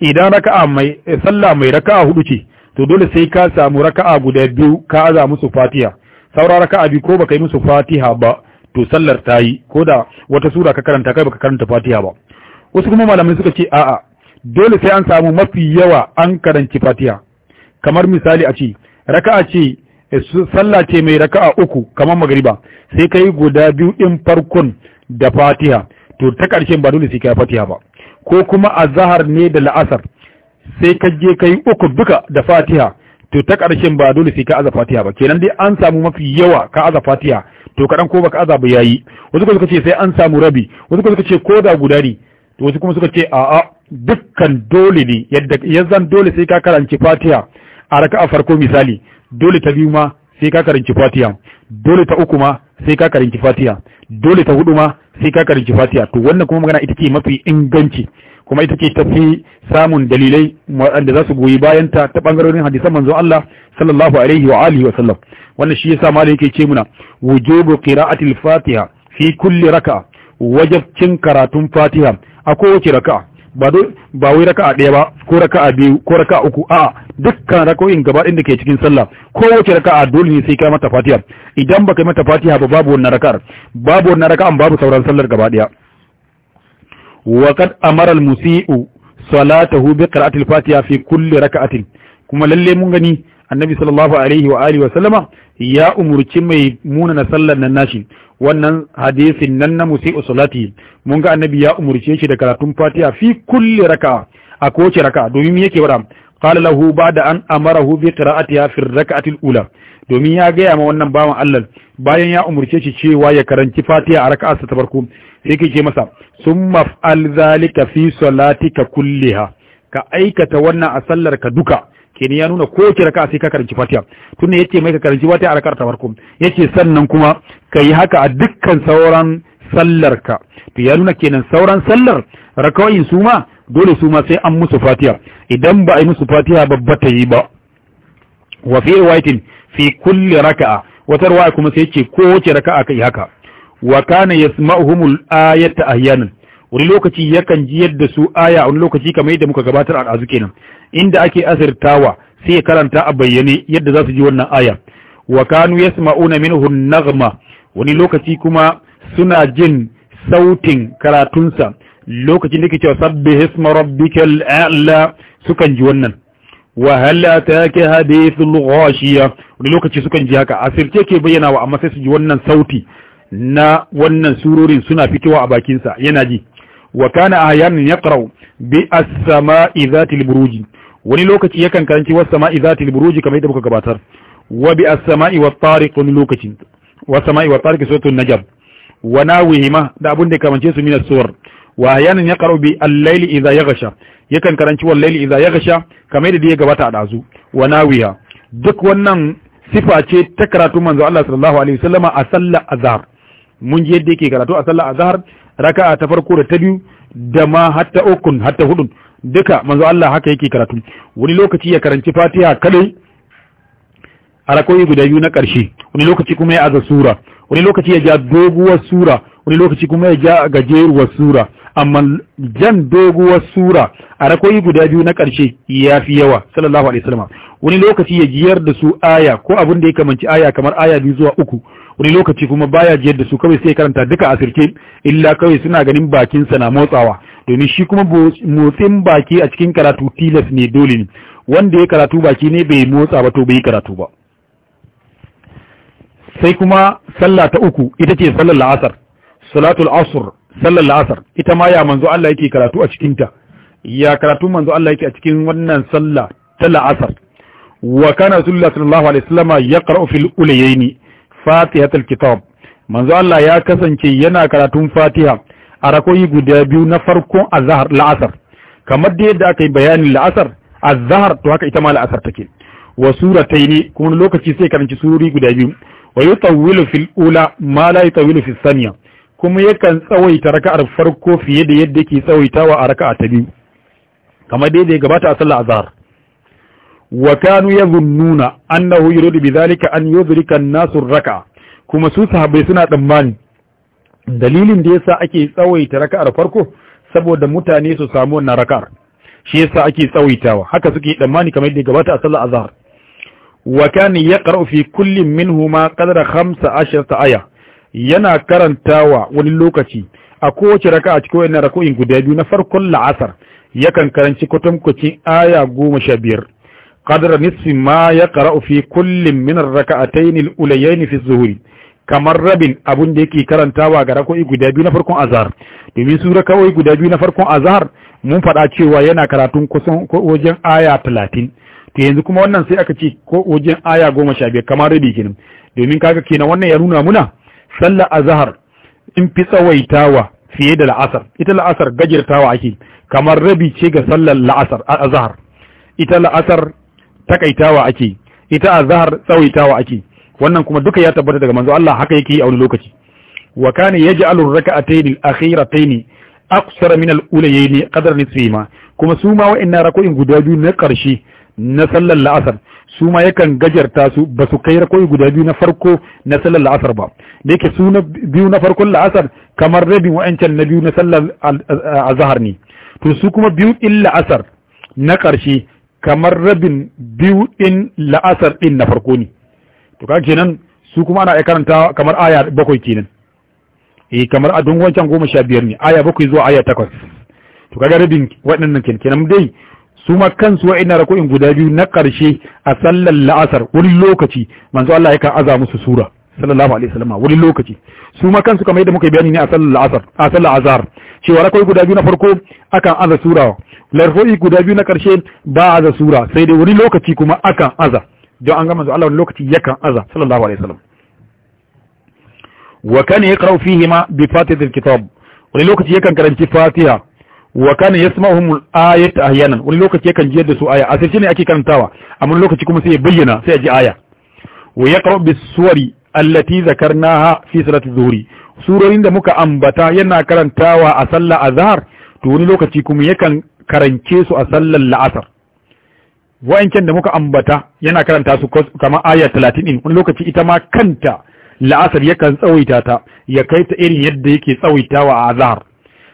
idan raka'a mai eh, sallah mai raka'a hudu ce to dole sai ka samu raka'a guda biyu ka aza musu fatiha saura raka'a biyu ko baka yi musu fatiha ba to sallar ta yi ko da wata sura ka karanta kai baka karanta fatiha ba wasu kuma malamai suka ce a'a dole sai an samu mafi yawa an karanci fatiha kamar misali a ce raka'a ce eh, sallah ce mai raka'a uku kamar magariba sai kai guda biyu din farkon da fatiha to ta karshen ba dole sai kai fatiha ba ko kuma azhar ne da la'asar sai ka je ka yi uku duka da fatiha to ta ƙarshen ba dole sai ka aza fatiha ba kenan dai an samu mafi yawa ka aza fatiha to kaɗan ko baka aza ba yayi wasu kuma suka ce sai an samu rabi wasu kuma suka ce ko da guda ne to wasu kuma suka ce a'a dukkan dole ne yadda yanzan dole sai ka karanci fatiha a raka'a farko misali dole ta biyu ma sai ka karanci fatiha dole ta uku ma sai ka karanci fatiha dole ta huduma sai ka karanci fatiha to wannan kuma magana ita ce mafi inganci kuma ita ce tafi samun dalilai wanda za su goyi bayan ta ta bangarorin hadisan manzon Allah sallallahu alaihi wa alihi wa sallam wannan shi yasa malai yake ce muna wujubu qira'ati al-fatiha fi kulli raka'a wajibcin karatun fatiha a kowace raka'a ba dai ba wai raka'a ɗaya ba ko raka'a biyu ko raka'a uku a dukkan raka'o'in gaba ɗin da ke cikin sallah ko wace raka'a dole ne sai ka mata fatiha idan baka yi mata fatiha ba babu wannan raka'ar babu wannan raka'an babu sauran sallar gaba ɗaya wa qad amara al musii'u salatahu bi qira'ati fatiha fi kulli raka'atin kuma lalle mun gani annabi sallallahu alaihi wa alihi wa sallama ya umurci mai munana sallar nan nashi wannan hadisin nan na musi usulati mun ga annabi ya umurce shi da karatun fatiha fi kulli raka a kowace raka domin me yake wara qala lahu ba'da an amarahu bi qira'atiha fi rak'ati al-ula domin ya ga ma wannan bawan Allah bayan ya umurce shi cewa ya karanci fatiha a raka'arsa ta farko sai ke ce masa summa fa'al zalika fi salatika kulliha ka aikata wannan a sallar ka duka kene ya nuna ko ki raka sai ka karanci fatiha tunda yace mai ka karanci fatiha a rakar ta farko yace sannan kuma ka yi haka a dukkan sauran sallarka to ya nuna kenan sauran sallar rakawai su ma dole su ma sai an musu fatiha idan ba a yi musu fatiha babba ta yi ba wa fi riwayatin fi kulli raka'a wata riwaya kuma sai ce ko wace raka'a kai haka wa kana yasma'uhumul ayata ahyanan wani lokaci yakan ji yadda su aya wani lokaci kamar yadda muka gabatar a azu kenan inda ake asirtawa sai ya karanta a bayyane yadda za su ji wannan aya wa kanu yasma'una minhu naghma wani lokaci kuma suna jin sautin karatunsa lokacin da ke cewa sabbi hisma rabbikal a'la sukan ji wannan wa hal ataka hadithul ghashiya wani lokaci sukan ji haka asirce ke bayyana wa amma sai su ji wannan sauti na wannan surorin suna fitowa a bakinsa yana ji wa kana ahyanan yaqra'u bi as-sama'i dhatil wani lokaci yakan karanci was-sama'i dhatil buruji kamar yadda muka gabatar wa bi as-sama'i wat-tariq wani lokaci wa sama'i wa tariqi suratul najm wa nawihima da abun da kamance su minas suwar wa yanan ya karo bi al-layli idha yaghsha yakan karanci wal layli idha yaghsha kamar da ya gabata a dazu wa nawiha duk wannan sifa ce ta karatu manzo Allah sallallahu alaihi wasallama a sallar azhar mun je yadda yake karatu a sallar azhar raka'a ta farko da ta biyu da ma hatta ukun hatta hudun duka manzo Allah haka yake karatu wani lokaci ya karanci Fatiha kadai a guda biyu na ƙarshe wani lokaci kuma ya aza sura wani lokaci ya ja doguwar sura wani lokaci kuma ya ja gajeruwar sura amma jan doguwar sura a guda biyu na ƙarshe ya fi yawa sallallahu alaihi wasallam wani lokaci ya jiyar da su aya ko abin da ya kamanci aya kamar aya biyu zuwa uku wani lokaci kuma baya jiyar da su kawai sai karanta duka a sirke illa kawai suna ganin bakin sa na motsawa domin shi kuma motsin baki a cikin karatu tilas ne dole ne wanda ya karatu baki ne bai motsa ba to bai karatu ba sai kuma sallah ta uku ita ce sallar la'asar salatul asr sallar la'asar ita ma ya manzo Allah yake karatu a cikin ta ya karatu manzo Allah yake a cikin wannan sallah ta la'asar wa kana rasulullah sallallahu alaihi wasallam yaqra'u fil ulayaini fatihatul kitab manzo Allah ya kasance yana karatun fatiha a rakoyi guda biyu na farkon azhar la'asar kamar da yadda aka yi bayanin la'asar azhar to haka ita ma la'asar take wa ne kuma lokaci sai karanci sururi guda biyu wa tawilu fil ula ma la tawilu fil saniya kuma yakan tsawaita raka'ar farko fiye da yadda yake tsawaitawa a raka'a ta biyu kamar dai da gabata a sallar azhar wa kanu yadhunnuna annahu yuridu bidhalika an yudrika an-nasu raka'a kuma su sahabbai suna tsammani dalilin da yasa ake tsawaita raka'ar farko saboda mutane su samu wannan raka'ar shi yasa ake tsawaitawa haka suke tsammani kamar yadda ya gabata a sallar azhar wa ya yaqra'u fi kulli minhuma qadra 15 aya yana karantawa wani lokaci a kowace raka a cikin wannan rako'in guda na farkon la'asar yakan karanci kwatankwacin aya goma sha biyar qadra nisfi ma yaqra'u fi kulli min ar-rak'atayn al-ulayayn fi az-zuhri kamar rabin abun da yake karantawa ga rako'i guda na farkon azhar domin su rako'i guda na farkon azhar mun faɗa cewa yana karatun kusan wajen aya talatin to yanzu kuma wannan sai aka ce ko wajen aya goma sha biyar kamar rabi kenan domin kaga kenan wannan ya nuna muna sallar azhar in fi tsawaitawa fiye da la'asar ita la'asar gajirtawa ake kamar rabi ce ga sallar la'asar azhar ita la'asar takaitawa ake ita azhar tsawaitawa ake wannan kuma duka ya tabbata daga manzo Allah haka yake yi a wani lokaci wa kana yaj'alu rak'atayn al-akhiratayn aqsara min al-ulayayn qadra nisfihima kuma su ma wa'annan rako'in guda biyu na karshe na sallar la'asar su ma yakan gajarta su ba su kai rakoyi guda biyu na farko na sallar la'asar ba da yake su na biyu na farkon la'asar kamar rabin wa'ancan na biyu na sallar azhar ne to su kuma biyu din la'asar na ƙarshe kamar rabin biyu din la'asar din na farko ne to kaga kenan su kuma ana karanta kamar aya bakwai kenan eh kamar a dungon can goma sha biyar ne aya bakwai zuwa aya takwas to kaga rabin waɗannan kenan dai su ma kansu ina raku'in guda biyu na ƙarshe a sallar la'asar wani lokaci manzo Allah ya kan aza musu sura sallallahu alaihi wasallam wani lokaci su ma kansu kamar yadda muka bayani ne a sallar la'asar a sallar azhar cewa raku'i guda biyu na farko akan aza sura larfu'i guda biyu na ƙarshe ba aza sura sai dai wani lokaci kuma akan aza don an ga manzo Allah wani lokaci yakan aza sallallahu alaihi wasallam wa kana yaqra'u ma bi fatihatil kitab wani lokaci yakan karanci fatiha wa kana yasma'uhum ayat ahyanan wani lokaci yakan jiyar da su aya a sai ne ake karantawa amma lokaci kuma sai ya bayyana sai ya ji aya wa yaqra bis suwari allati zakarnaha fi salati zuhri surorin da muka ambata yana karantawa a sallar azhar to wani lokaci kuma yakan karance su a sallar la'asar wa'ancan da muka ambata yana karanta su kamar aya 30 din wani lokaci ita ma kanta la'asar yakan tsawaita ta ya kai ta irin yadda yake tsawaitawa a azhar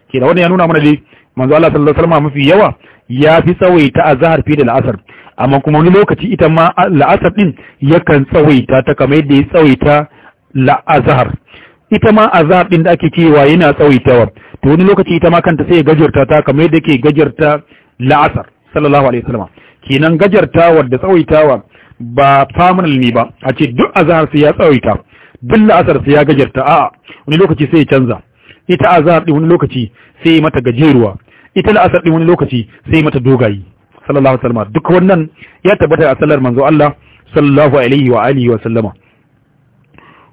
kenan wannan ya nuna mana dai manzo Allah sallallahu alaihi wasallam mafi yawa ya fi tsawaita azhar fi da la'asar amma kuma wani lokaci ita ma la'asar din yakan tsawaita ta kamar yadda ya tsawaita la'azhar ita ma azhar din da ake cewa yana tsawaitawa to wani lokaci ita ma kanta sai gajarta ta kamar yadda yake gajarta la'asar sallallahu alaihi wasallam kenan gajartawa da tsawaitawa ba famunal ne ba a ce duk azhar sai ya tsawaita duk la'asar sai ya gajarta a'a wani lokaci sai ya canza ita azhar din wani lokaci sai mata gajeruwa ita la'asar din wani lokaci sai mata dogayi sallallahu alaihi wasallam duk wannan ya tabbata a sallar manzo Allah sallallahu alaihi wa alihi wa sallama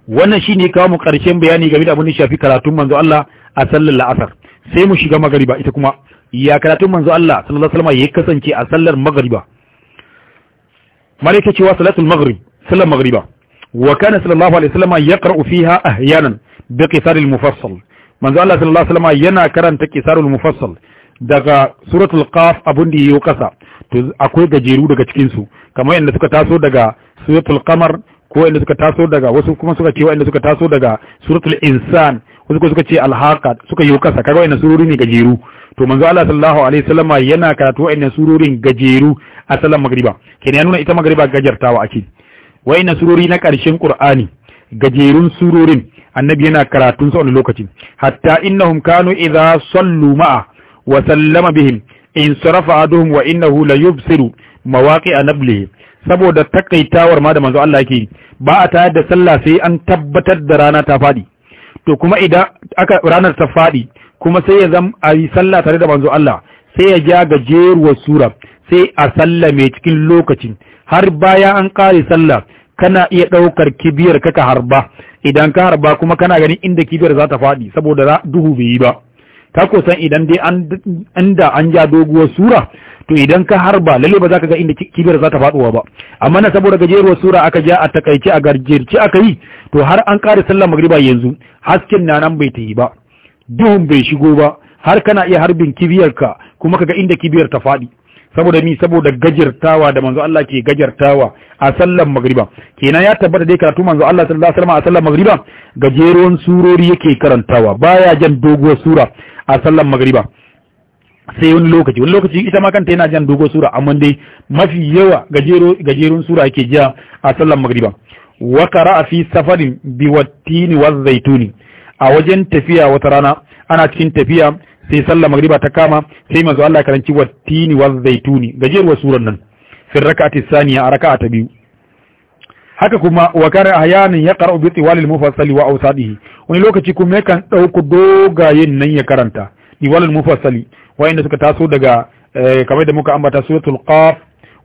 wannan shine kawo mu karshen bayani game da abin da shafi karatun manzo Allah a sallar la'asar sai mu shiga magariba ita kuma ya karatun manzo Allah sallallahu alaihi wa sallama ya kasance a sallar magariba malaika cewa salatul maghrib sallar magariba wa kana sallallahu alaihi wa sallama yaqra'u fiha ahyanan bi qisar al mufassal manzo Allah sallallahu alaihi wasallam yana karanta kisarul mufassal daga suratul qaf abun da yayi kasa to akwai gajeru daga cikin su kamar yanda suka taso daga suratul qamar ko yanda suka taso daga wasu kuma suka ce wanda suka taso daga suratul insan wasu suka ce alhaqat suka yi kasa kaga wannan surori ne gajeru to manzo Allah sallallahu alaihi wasallama yana karatu wa'annan surorin gajeru a sallar magriba kenan ya nuna ita magriba gajartawa ake wa'annan surori na karshen qur'ani gajerun surorin annabi yana karatun su wani lokaci hatta innahum kanu idza sallu ma'a wa sallama bihim in sarafa aduhum wa innahu la yubsiru mawaqi'a nablihi saboda takaitawar ma da manzo Allah yake ba a tayar da sallah sai an tabbatar da rana ta fadi to kuma idan aka ranar ta fadi kuma sai ya zam a yi sallah tare da manzo Allah sai ya ja gajeruwar sura sai a sallame cikin lokacin har baya an kare sallah kana iya ɗaukar kibiyar ka ka harba idan ka harba kuma kana ganin inda kibiyar za ta faɗi saboda duhu bai yi ba ka san idan dai an da an ja doguwar sura to idan ka harba lalle ba za ka ga inda kibiyar za ta faɗuwa ba amma na saboda gajeruwar sura aka ja a takaice a garjerce aka yi to har an ƙara sallar magriba yanzu hasken na nan bai ta yi ba duhun bai shigo ba har kana iya harbin kibiyar ka kuma ka ga inda kibiyar ta faɗi saboda mi saboda gajirtawa da manzo Allah ke gajirtawa a sallan magriba kenan ya tabbata dai karatu manzo Allah sallallahu alaihi wasallam a sallan magriba gajeruwan surori yake karantawa baya jan doguwar sura a sallan magriba sai wani lokaci wani lokaci ita ma kanta yana jan doguwar sura amma dai mafi yawa gajero gajerun sura yake ja a sallan magriba wa qara'a fi safarin biwattini wazaituni a wajen tafiya wata rana ana cikin tafiya sai sallar magriba ta kama sai manzo Allah karanci wattini wa zaituni gajeruwar surar nan fi rak'ati saniya a raka'a ta biyu haka kuma wa kare ahyanin ya qara'u bi tiwalil mufassali wa awsadihi wani lokaci kuma yakan dauko dogayen nan ya karanta tiwalil mufassali wayanda suka taso daga eh, kamar da muka ambata suratul qaf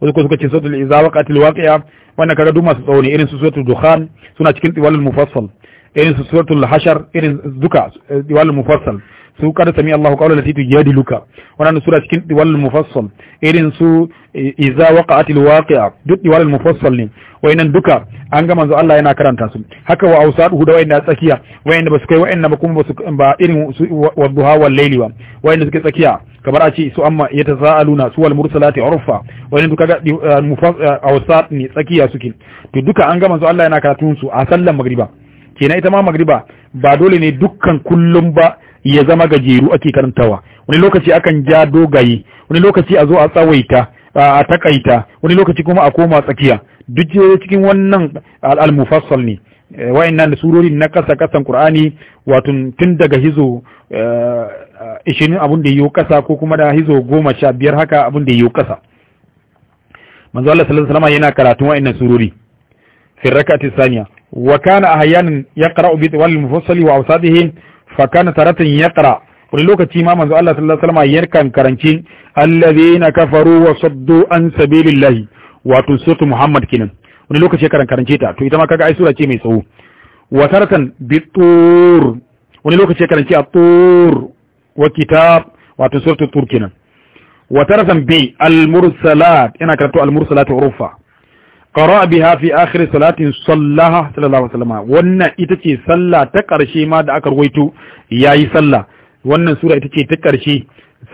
wasu ko suka ce suratul izawa qatil waqi'a wannan kaga duma su tsawo irin su suratul dukhan suna cikin tiwalil mufassal irin su suratul hashar irin duka eh, tiwalil mufassal su kada sami Allahu qawla lati tujadiluka wannan sura cikin diwal mufassal irin su idza waqa'at alwaqi'a duk diwal mufassal ne wayannan duka an ga manzo Allah yana karanta su haka wa awsadu da wayanda tsakiya wayanda basu kai wayanda ba kuma ba irin su duha wal layli ba wayanda suke tsakiya kamar a ce su amma yatasaaluna su wal mursalati urfa wayanda duka ga awsad ne tsakiya suke to duka an ga manzo Allah yana karatun su a sallan magriba kenan ita ma magriba ba dole ne dukkan kullum ba ya zama gajeru ake karantawa wani lokaci akan ja dogaye wani lokaci a zo a tsawaita a takaita wani lokaci kuma a koma tsakiya duk cikin wannan al-mufassal ne eh, wa'annan da surori na kasa kasan qur'ani wato tun daga hizo 20 eh, eh, abun da yiwo kasa ko kuma da hizo 15 haka abun da yiwo kasa manzo Allah sallallahu alaihi wasallam yana karatun wa'annan surori fi rak'ati thaniya wa kana ahyanan yaqra'u bi tawal mufassali wa awsadihi Fakana kana taratan yaqra wani lokaci ma manzo Allah sallallahu alaihi wasallam yarkan karanci allazina kafaru wa saddu an sabilillahi wato suratu Muhammad kenan wani lokaci karan karance ta to ita ma kaga ai sura ce mai tsawo wa taratan bitur wani lokaci karance a tur wa kitab wato suratu tur kenan wa taratan bi al mursalat ina karatu al mursalat urufa qara biha fi akhir salatin sallaha sallallahu alaihi wasallam wannan ita ce sallah ta karshe ma da aka ruwaito yayi sallah wannan sura ita ce ta karshe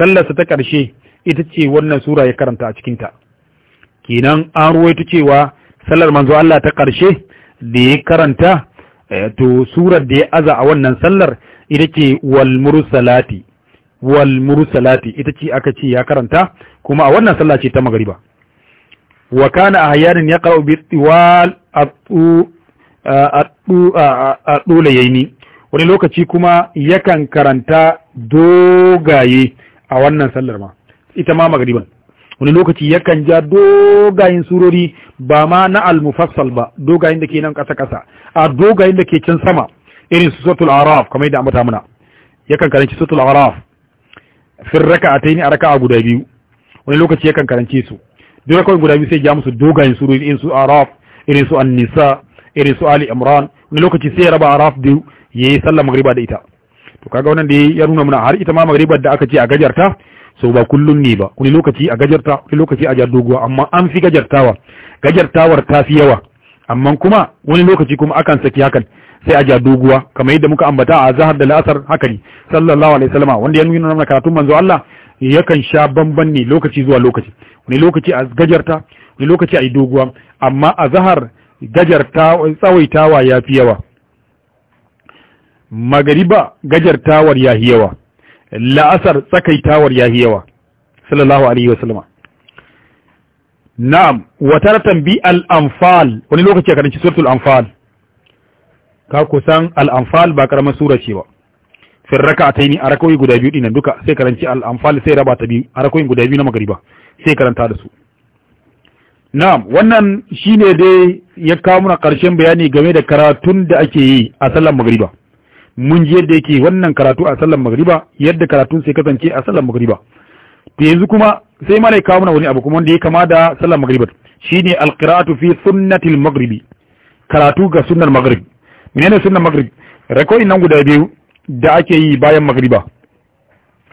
sallarsa ta karshe ita ce wannan sura ya karanta a cikin ta kenan an ruwaito cewa sallar manzo Allah ta karshe da ya karanta eh, to surar da ya aza a wannan sallar ita ce wal ita aka ce ya karanta kuma a wannan sallah ta magariba wa kana ahyanan yaqra'u bi tiwal at-tulayaini wani lokaci kuma yakan karanta dogaye a wannan sallar ma ita ma magriban wani lokaci yakan ja dogayen surori ba ma na al-mufassal ba dogayen da ke nan kasa-kasa a dogayen da ke can sama irin su suratul araf kamar yadda ambata muna yakan karanci suratul araf fir raka'atayn a raka'a guda biyu wani lokaci yakan karanci su dole kawai guda biyu sai ja musu dogayen surori irin su araf irin su annisa irin su ali imran wani lokaci sai ya raba araf biyu yayi sallar magriba da ita to kaga wannan da ya nuna muna har ita ma magribar da aka ce a gajarta so ba kullun ne ba wani lokaci a gajarta wani lokaci a doguwa amma an fi gajartawa gajartawar ta fi yawa amma kuma wani lokaci kuma akan saki hakan sai a ja doguwa kamar yadda muka ambata a zahar da la'asar haka ne sallallahu alaihi wasallam wanda ya nuna mana karatun manzo Allah yakan sha bamban ne lokaci zuwa lokaci wani lokaci a gajarta wani lokaci a yi doguwa amma a zahar gajarta tsawaitawa ya fi yawa magariba gajartawar ya fi yawa la'asar tsakaitawar ya fi yawa sallallahu alaihi wa sallama. na'am wataratan bi al-anfal wani lokaci a karanci suratul anfal ka kusan al-anfal ba karamar sura ce ba fir rak'ataini a rakawai guda biyu dinan duka sai karanci al'amfali sai raba ta biyu a rakawai guda biyu na magariba sai karanta da su na'am wannan shine dai ya kawo muna karshen bayani game da karatun da ake yi a sallar magariba mun ji yadda yake wannan karatu a sallar magariba yadda karatun sai kasance a sallar magariba to yanzu kuma sai ma dai kawo muna wani abu kuma wanda ya kama da sallar magariba shine al-qira'atu fi sunnatil maghribi karatu ga sunnar maghrib menene sunnar maghrib rakawai nan guda biyu da ake yi bayan magriba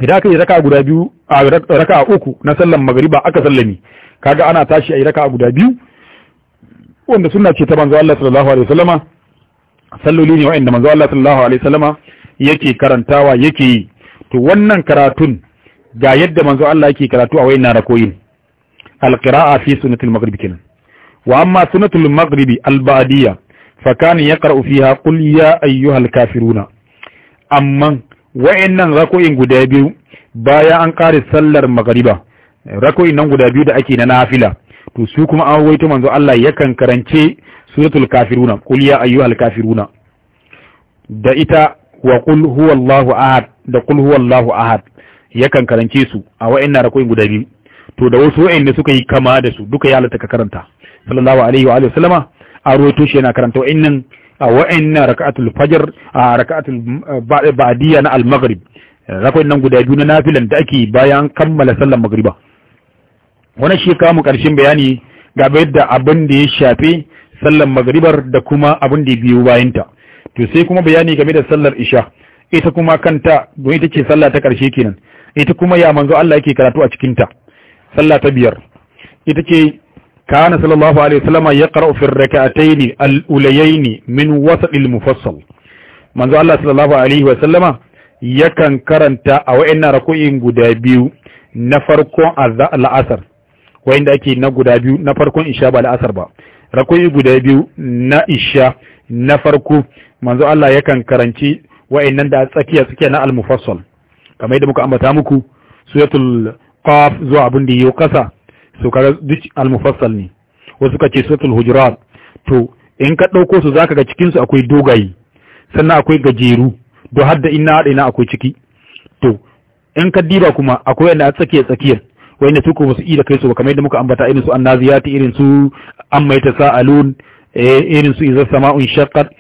idan aka yi raka guda biyu a raka uku na sallan magriba aka sallami kaga ana tashi a yi raka guda biyu wanda suna ce ta manzo Allah sallallahu alaihi wasallama salloli ne wa'anda manzo Allah sallallahu alaihi wasallama yake karantawa yake yi to wannan karatun ga yadda manzo Allah yake karatu a wayin rakoyin alqira'a fi sunnatul maghrib kenan wa amma sunnatul maghribi albadiyya fa kana yaqra'u fiha qul ya ayyuhal kafiruna amma wa'annan rako'in guda biyu bayan an kare sallar magariba rako'in nan guda biyu da ake na nafila to su kuma an waito manzo Allah ya karance suratul kafiruna qul ya ayyuhal kafiruna da ita wa qul huwallahu ahad da qul huwallahu ahad ya karance su a wa'annan rako'in guda biyu to da wasu wa'anda suka yi kama da su duka ya halatta ka karanta sallallahu alaihi wa alihi wasallama a rawaito shi yana karanta wa'annan a wa'annan raka'atul Fajar a raka'atul ba'diyya na al-maghrib rakoin nan guda biyu na nafilan da ake bayan kammala sallar magriba wannan shi kawo mu karshen bayani ga yadda abin da ya shafe sallar magribar da kuma abin da ya biyo bayanta to sai kuma bayani game da sallar isha ita kuma kanta don ita ce sallah ta karshe kenan ita kuma ya manzo Allah yake karatu a cikin ta sallah ta biyar ita ce kana sallallahu alaihi wasallam ya qara'u fi rak'atayn al-ulayayn min wasat al-mufassal manzo Allah sallallahu alaihi wasallam yakan karanta a wayannan raku'in guda biyu na farkon al-asr wayanda ake na guda biyu na farkon isha ba al-asr ba raku'i guda biyu na isha na farko manzo Allah yakan karanci wa'annan da tsakiya suke na al kamar muka amata muku suratul qaf zuwa abin da yau kasa so kaga duk al-mufassal ne wasu ka ce suratul hujurat to in ka ɗauko su zaka ga cikin su akwai dogayi sannan akwai gajeru don har da inna haɗe na akwai ciki to in ka diba kuma akwai wanda a tsakiyar tsakiyar wanda su kuma su ida kai su ba kamar yadda muka ambata irin su annaziyati irin su amma ta sa'alun eh, irin su izar sama'un shaqqat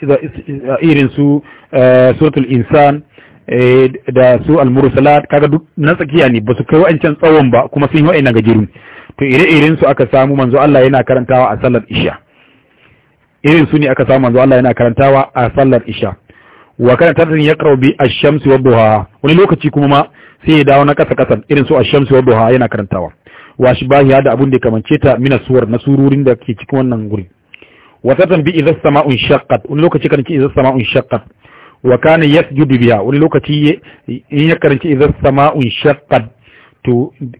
irin su eh, suratul insan eh, da su al-mursalat kaga duk na tsakiya ne ba su kai wa'ancan tsawon ba kuma sun yi wa'annan gajerun to ire irin su aka samu manzo Allah yana karantawa a sallar isha irin su ne aka samu manzo Allah yana karantawa a sallar isha wa kana tarin ya bi ash-shamsi wad-duha wani lokaci kuma ma sai ya dawo na kasa kasa irin su ash-shamsi wad-duha yana karantawa wa shi bahi da abun da kamance ta mina suwar na sururin da ke cikin wannan guri wa tatan bi idza sama'un shaqqat wani lokaci kan ce idza sama'un shaqqat wa kana yasjudu biha wani lokaci in ya karanci idza sama'un shaqqat to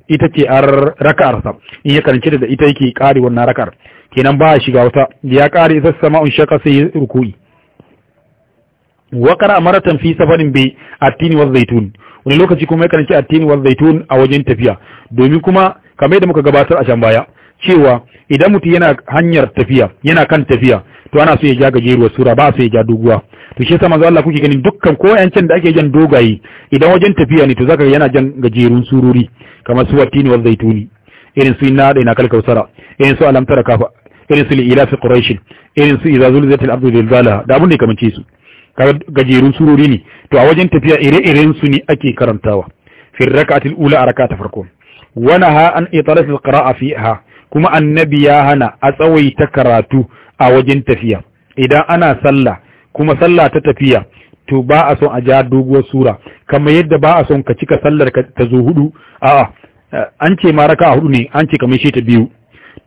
ita ce ar raka'arsa in ya karanci da ita yake kare wannan raka'ar kenan ba shiga wata ya kare sama in shaka sai ruku'i wa qara maratan fi safarin bi attini wa zaitun wani lokaci kuma ya karanci attini wa zaitun a wajen tafiya domin kuma kamar yadda muka gabatar a can baya cewa idan mutum yana hanyar tafiya yana kan tafiya to ana so ya ja gajeruwar sura ba so ya ja doguwa to shi yasa manzo Allah kuke ganin dukkan ko yancan da ake jan dogaye idan wajen tafiya ne to zaka yana jan gajerun sururi kamar su watini wal zaituni irin su inna da ina kalkausara irin su alam tara kafa irin su ila fi quraish irin su idza zulzilat al abdu zilzalaha da abun ne kamar su gajerun sururi ne to a wajen tafiya ire-iren su ne ake karantawa fi rak'atil ula a rak'ata farko wana ha an italafil qira'a fiha kuma annabi ya hana a tsawaita karatu a wajen tafiya idan ana sallah kuma sallah ta tafiya to ba a son a ja doguwar sura kamar yadda ba a son ka cika sallar ka ta zo hudu a'a an ce ma raka hudu ne an ce ka mai ta biyu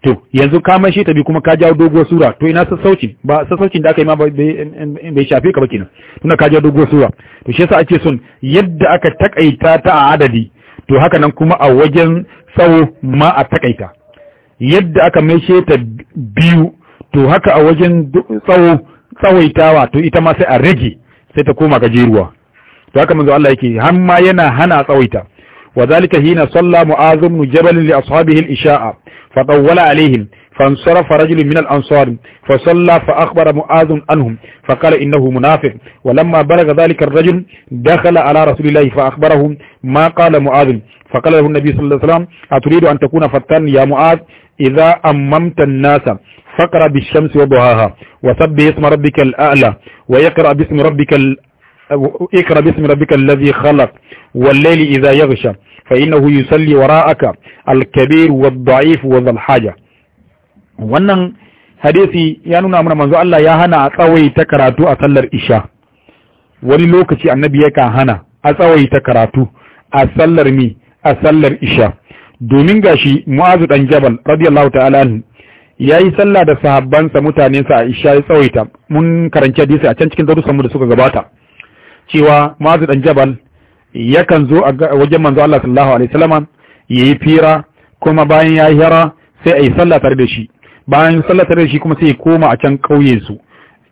to yanzu ka mai shi ta biyu kuma ka jawo doguwar sura to ina sassauci ba sassaucin da aka yi ma bai shafe ka ba kenan Tuna ka jawo doguwar sura to shi yasa ake son yadda aka takaita ta a adadi to haka nan kuma a wajen tsawo ma a takaita yadda aka maishe ta biyu to haka a wajen tsawaitawa to ita ma sai a rage sai ta koma gajeruwa to haka manzo Allah yake har ma yana hana tsawaita wa zalika hina salla mu'az ibn jabal li ashabihi al-isha'a fa tawwala alaihim فانصرف رجل من الأنصار فصلى فأخبر معاذ عنهم فقال إنه منافق ولما بلغ ذلك الرجل دخل على رسول الله فأخبره ما قال معاذ فقال له النبي صلى الله عليه وسلم أتريد أن تكون فتان يا معاذ إذا أممت الناس فقرأ بالشمس وضحاها وسبح اسم ربك الأعلى ويقرأ باسم ربك اقرأ باسم ربك الذي خلق والليل إذا يغشى فإنه يصلي وراءك الكبير والضعيف وذا الحاجة wannan hadisi ya nuna mana manzo Allah ya hana a tsawaita karatu a sallar isha wani lokaci annabi yakan hana a tsawaita karatu a sallar mi a sallar isha domin gashi mu'azu dan jabal radiyallahu ta'ala yayi sallah da sahabbansa mutanensa a isha ya tsawaita mun karanci hadisi a can cikin darussan mu da suka gabata cewa mu'azu dan jabal yakan zo a wajen manzo Allah sallallahu alaihi wasallam yayi fira kuma bayan yayi hira sai ayi sallah tare da shi bayan sallatar da shi kuma sai ya koma a can ƙauye su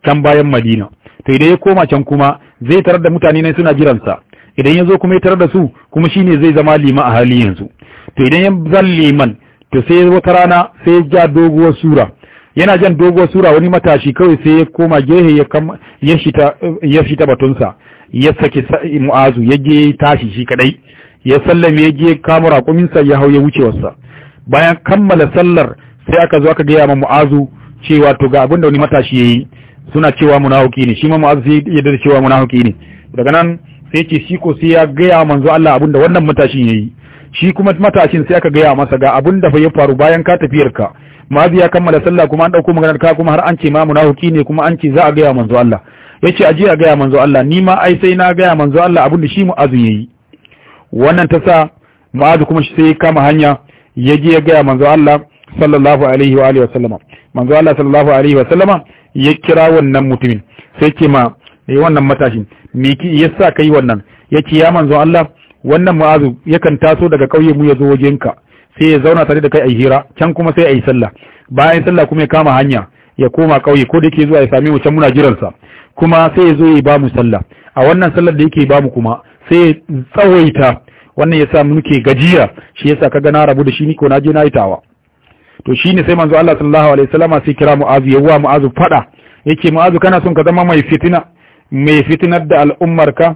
can bayan Madina to idan ya koma can kuma zai tarar da mutane ne suna jiransa idan ya zo kuma ya tarar da su kuma ne zai zama lima a hali yanzu to idan ya zan liman to sai wata rana sai ya ja doguwar sura yana jan doguwar sura wani matashi kawai sai ya koma gehe ya kam ya shita ya shita batunsa ya saki mu'azu ya je tashi shi kadai ya sallame ya je kamura kuminsa ya hau ya wuce wasa bayan kammala sallar sai aka zo aka gaya ma mu'azu cewa to ga abin da wani matashi yayi suna cewa munafiki ne shi ma mu'azu sai da cewa munafiki ne daga nan sai ce shi ko sai ya gaya manzo Allah abinda da wannan matashin yayi shi kuma matashin sai aka gaya masa ga abinda da fa ya faru bayan ka tafiyarka mu'azu ya kammala sallah kuma an dauko maganar ka kuma har an ce ma munafiki ne kuma an ce za a gaya manzo Allah yace aje a gaya manzo Allah ni ma ai sai na gaya manzo Allah abinda da shi mu'azu yayi wannan ta sa mu'azu kuma sai ya kama hanya ya je ya gaya manzo Allah sallallahu alaihi wa alihi wa sallama manzo Allah sallallahu alaihi wa sallama ya kira wannan mutumin sai ce ma eh, wannan matashin me ki yasa kai wannan yace ya manzo Allah wannan mu'azu yakan taso daga kauye mu ya zo wajenka sai ya zauna tare da kai ayi hira can kuma sai ayi sallah bayan sallah kuma ya kama hanya ya koma kauye ko da yake zuwa ya sami mu can muna jiran sa kuma sai ya zo ya ba mu sallah a wannan sallar da yake ba mu kuma sai ya tsawaita wannan yasa muke gajiya shi yasa kaga na rabu da shi ni ko na je na yi tawa to shi ne sai manzo Allah sallallahu alaihi wasallama sai kira mu'azu yawa mu'azu fada yake mu'azu kana son ka zama mai fitina mai fitinar da al'ummarka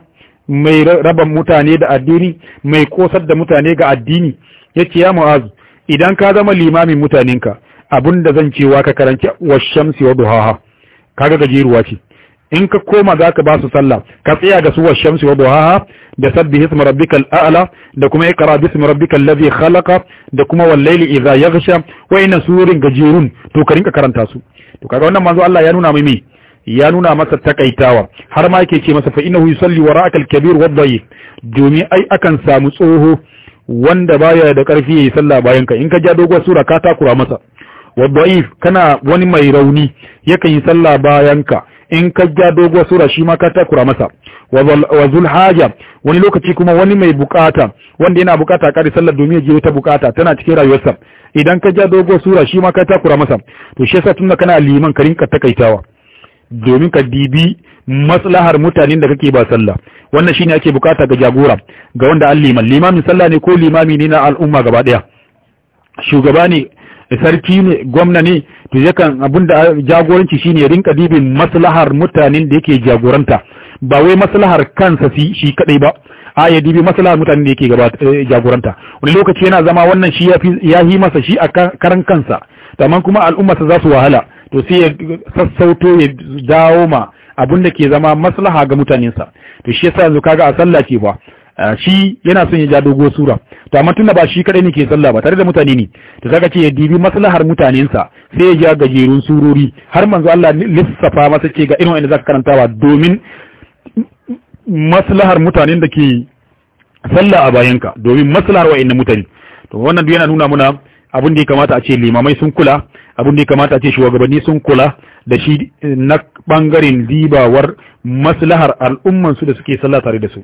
mai raba mutane da addini mai kosar da mutane ga addini Yake ya mu'azu idan ka zama limamin mutanenka abinda zan cewa ka karanci washamsi wa duhaha kaga gajeruwa ce in ka koma za ka ba su sallah ka tsaya ga suwar shamsi wa duhaha da sabbi hisma rabbikal a'la da kuma iqra bismi rabbikal ladhi khalaqa da kuma wal layli idha yaghsha wa inna surin gajirun to ka rinka karanta su to kaga wannan manzo Allah ya nuna mai me ya nuna masa takaitawa har ma yake ce masa fa innahu yusalli wara'aka al-kabir wa dhayyif domin ai akan samu tsoho wanda baya da karfi yayi sallah bayan ka in ka ja doguwar sura ka takura masa wa kana wani mai rauni yakan yi sallah bayan ka in ka ja doguwar sura shi ma ka takura masa wa zulhaja wani lokaci kuma wani mai bukata wanda yana bukata kare sallar domin ya je wata bukata tana cikin rayuwarsa idan ka ja doguwar sura shi ma ka takura masa to shi yasa tunda kana liman ka rinka takaitawa domin ka dibi maslahar mutanen da kake ba sallah wannan shine ake bukata ga jagora ga wanda an liman limamin sallah ne ko limami ne na al'umma gaba daya shugaba ne sarki ne gwamna ne to yakan abinda jagoranci shine ya rinka dibin maslahar mutanen da yake jagoranta ba wai maslahar kansa shi kadai ba a ya dibi maslahar mutanen da yake eh, jagoranta wani lokaci yana zama wannan shi ya yi masa shi a karan kansa amma kuma al'umma za su wahala to sai ya sassauto ya dawo ma abin da ke zama maslaha ga mutanensa to shi yasa yanzu kaga a sallah ce ba shi yana son ya ja dogo sura to amma tunda ba shi kadai ne ke sallah ba tare da mutane ne to saka ce ya dibi maslahar mutanensa sai ya ja gajerun surori har manzo Allah lissafa masa ce ga irin wanda zaka karantawa domin maslahar mutanen da ke sallah a bayanka domin maslahar wa'annan mutane to wannan duk yana nuna muna abin da ya kamata a ce limamai sun kula abin da ya kamata a ce shugabanni sun kula da shi eh, na bangaren dibawar maslahar al'ummansu da suke sallah tare da su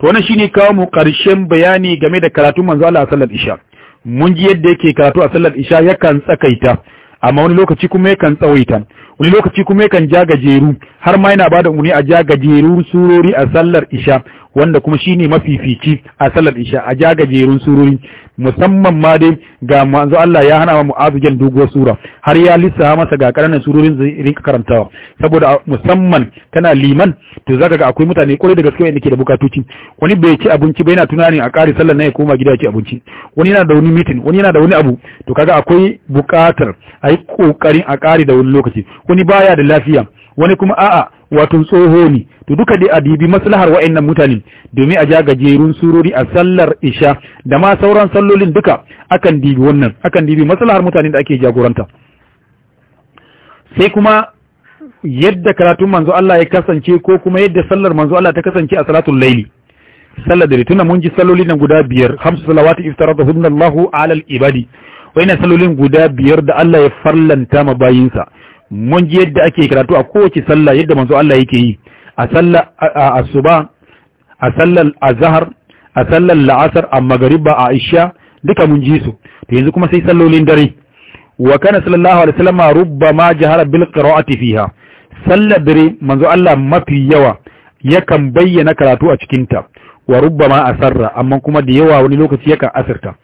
to wannan shine kawo mu karshen bayani game da karatun manzo Allah sallar isha mun ji yadda yake karatu a sallar isha yakan tsakaita amma wani lokaci kuma yakan tsawaita wani lokaci kuma yakan ja gajeru har ma yana bada umarni a ja gajerun surori a sallar isha wanda kuma shine mafifici a sallar isha a ja gajerun surori musamman ma dai ga manzo Allah ya hana wa Mu'adh jan doguwar sura har ya lissa masa ga karanan surorin zai rinka karantawa saboda musamman kana liman to zaka ga akwai mutane kore da gaske wanda ke da bukatuci wani bai ci abinci ba yana tunani a ƙari sallar na ya koma gida ya ci abinci wani yana da wani meeting wani yana da wani abu to kaga akwai bukatar a yi kokarin a ƙari da wani lokaci wani baya da lafiya wani kuma a'a wato tsoho ne to duka dai a dibi maslahar wa'annan mutane domin a ja gajerun surori a sallar isha da ma sauran sallolin duka akan dibi wannan akan dibi maslahar mutane da ake jagoranta sai kuma yadda karatun manzo Allah ya kasance ko kuma yadda sallar manzo Allah ta kasance a salatul laili sallar dare tuna mun ji salloli nan guda biyar hamsu salawatu iftaradahunna Allahu ala al-ibadi wayannan sallolin guda biyar da Allah ya farlanta ma bayinsa mun ji yadda ake karatu a kowace sallah yadda manzo Allah yake yi a sallar asuba a sallar azhar a sallar la'asar a magariba a isha duka mun ji su to yanzu kuma sai sallolin dare wa kana sallallahu alaihi wasallam rubbama jahara bil qira'ati fiha sallar dare manzo Allah mafi yawa yakan bayyana karatu a cikin ta wa rubbama asarra amma kuma da yawa wani lokaci yakan asirta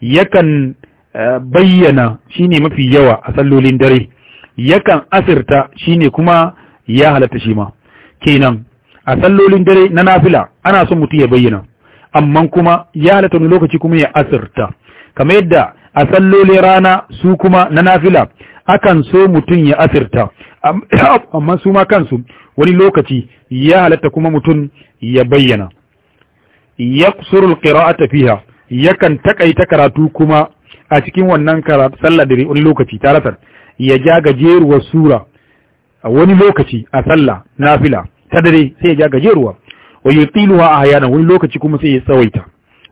yakan eh, bayyana shine mafi yawa a sallolin dare yakan asirta shine kuma ya halatta shi ma kenan a sallolin dare na nafila ana son mutum ya bayyana amma kuma ya halatta wani lokaci kuma ya asirta kamar yadda a sallolin rana su kuma na nafila akan so mutum ya asirta amma su ma kansu wani lokaci ya halatta kuma mutum ya bayyana Ya yaqsurul qira'ata fiha yakan takaita karatu kuma a cikin wannan karatu sallar dare wani lokaci tarasar ya ja gajeruwar sura a wani lokaci a sallah nafila ta dare sai ya ja gajeruwa wa yutiluha ahyana wani lokaci kuma sai ya tsawaita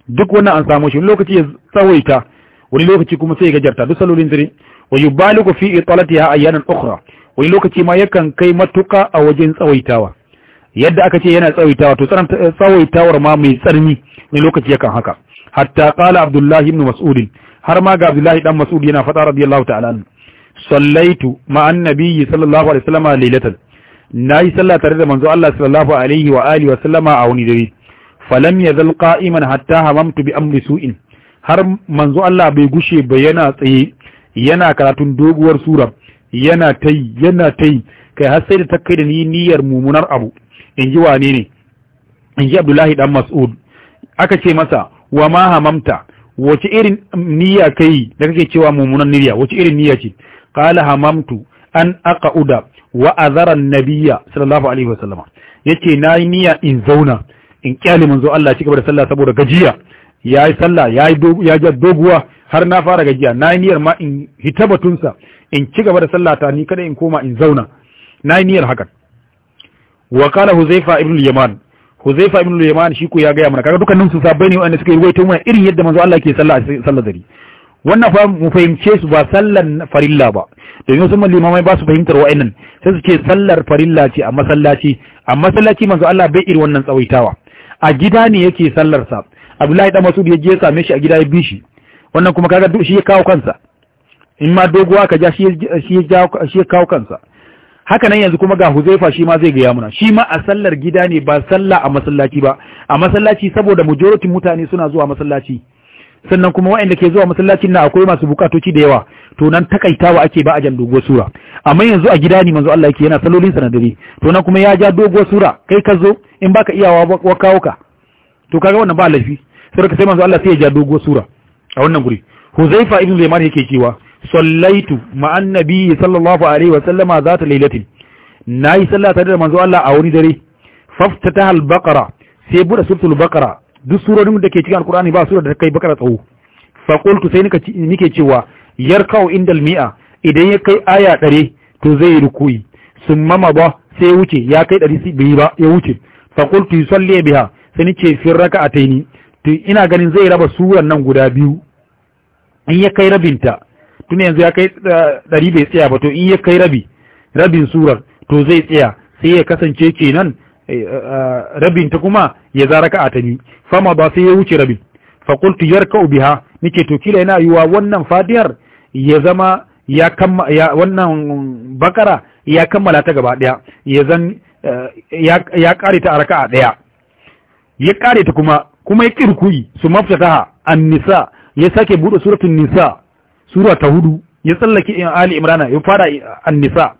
duk wannan an samu shi wani lokaci ya tsawaita wani lokaci kuma sai ya gajarta duk salolin dare wa yubaliku fi italatiha ayyanan ukhra wani lokaci ma yakan kai matuka a wajen tsawaitawa yadda aka ce yana tsawaitawa to eh, tsawaitawar ma mai tsarni wani lokaci yakan haka hatta qala abdullahi ibn mas'ud har ma ga abdullahi dan mas'ud yana fada radiyallahu ta'ala anhu sallaitu ma'an nabiyyi sallallahu alaihi wasallama lailatan nayi sallah tare da manzo Allah sallallahu alaihi wa alihi wa sallama a wani dare falam yazal qa'iman hatta hamamtu bi amri su'in har manzo Allah bai gushe ba yana tsaye yana karatun doguwar sura yana tai yana tai kai har sai da ta kai da ni niyyar mumunar abu inji wane ne inji Abdullahi dan Mas'ud aka ce masa wa ma hamamta wace irin niyya kai da kake cewa mumunan niyya wace irin niyya ce qala hamamtu an aqauda wa azara an-nabiyya sallallahu alaihi wasallam yace nayi niyya in zauna in kyale manzo Allah ya cigaba da sallah saboda gajiya yayi sallah yayi ya ja doguwa har na fara gajiya nayi niyyar ma in hita batunsa in cigaba da sallah ta ni kada in koma in zauna nayi niyyar hakan wa qala huzaifa ibn al-yaman huzaifa ibn yaman shi ko ya ga mana kaga dukkanin su sabbai ne wanda suka yi ruwaito mana irin yadda manzo Allah ke sallah sallah dare wannan fa mu fahimce su ba sallar farilla ba domin wasu limamai ba su fahimtar wa'annan sai su ce sallar farilla ce a masallaci a masallaci manzo Allah bai iri wannan tsawaitawa a gida ne yake sallar sa Abdullahi dan Masud ya je ya same shi a gida ya bi shi wannan kuma kaga duk shi ya kawo kansa in ma doguwa ka ja shi ya shi ya kawo kansa haka nan yanzu kuma ga Huzaifa shi ma zai gaya muna shi ma a sallar gida ne ba sallah a masallaci ba a masallaci saboda majority mutane suna zuwa masallaci sannan kuma waɗanda ke zuwa masallacin na akwai masu bukatoci da yawa to nan takaitawa ake ba a jan doguwar sura amma yanzu a gida ne manzo Allah yake yana salolin sa na dare to nan kuma ya ja doguwar sura kai ka zo in baka iyawa wa kawo ka to kaga wannan ba laifi sai ka sai manzo Allah sai ya ja doguwar sura a wannan guri Huzaifa ibn Zayman yake cewa sallaitu ma'an nabiyyi sallallahu alaihi wa sallama zata lailatin nayi sallah tare da manzo Allah a wani dare faftata al-baqara sai buɗe suratul baqara duk surorin da ke cikin alkur'ani ba sura da ta kai bakara tsawo fa qultu sai nika nike cewa yarkau indal mi'a idan ya kai aya ɗare to zai yi rukui summa ma ba sai ya wuce ya kai ɗari bai ba ya wuce fa qultu yusalli biha sai nike fi raka'ataini to ina ganin zai raba suran nan guda biyu in ya kai rabinta tun yanzu ya kai eh, ɗari bai tsaya ba to in ya kai rabi rabin surar to zai tsaya sai ya kasance kenan Eh, eh, eh, rabin ta kuma ya zara raka'a ta ni. fama ba sai ya wuce rabin fa qultu yarka'u biha nike to kila yana yiwa wannan fadiyar ya zama ya wannan bakara ya kammala ta gaba daya ya zan ya kare ta araka a daya ya kare ta kuma kuma ya kirkuyi su mafsataha an-nisa ya sake bude suratul nisa sura ta hudu ya tsallake ali imrana ya fara an-nisa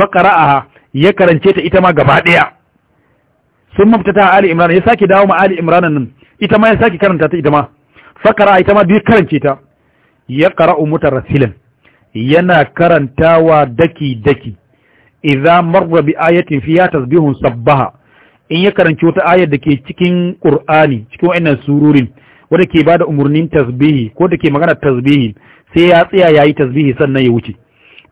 fa qara'aha ya karance ta ita ma gaba daya sun mafitata ali imran ya sake dawo ma ali imran nan ita ma ya sake karanta ta ita ma fakara ita ma bi karance ta ya qara'u mutarasilan yana karantawa daki daki idza marra bi ayatin fiha tasbihun sabbaha in ya karanci wata ayar da ke cikin qur'ani cikin wannan sururin wanda ke bada umurnin tasbihi ko da ke magana tasbihi sai ya tsaya yayi tasbihi sannan ya wuce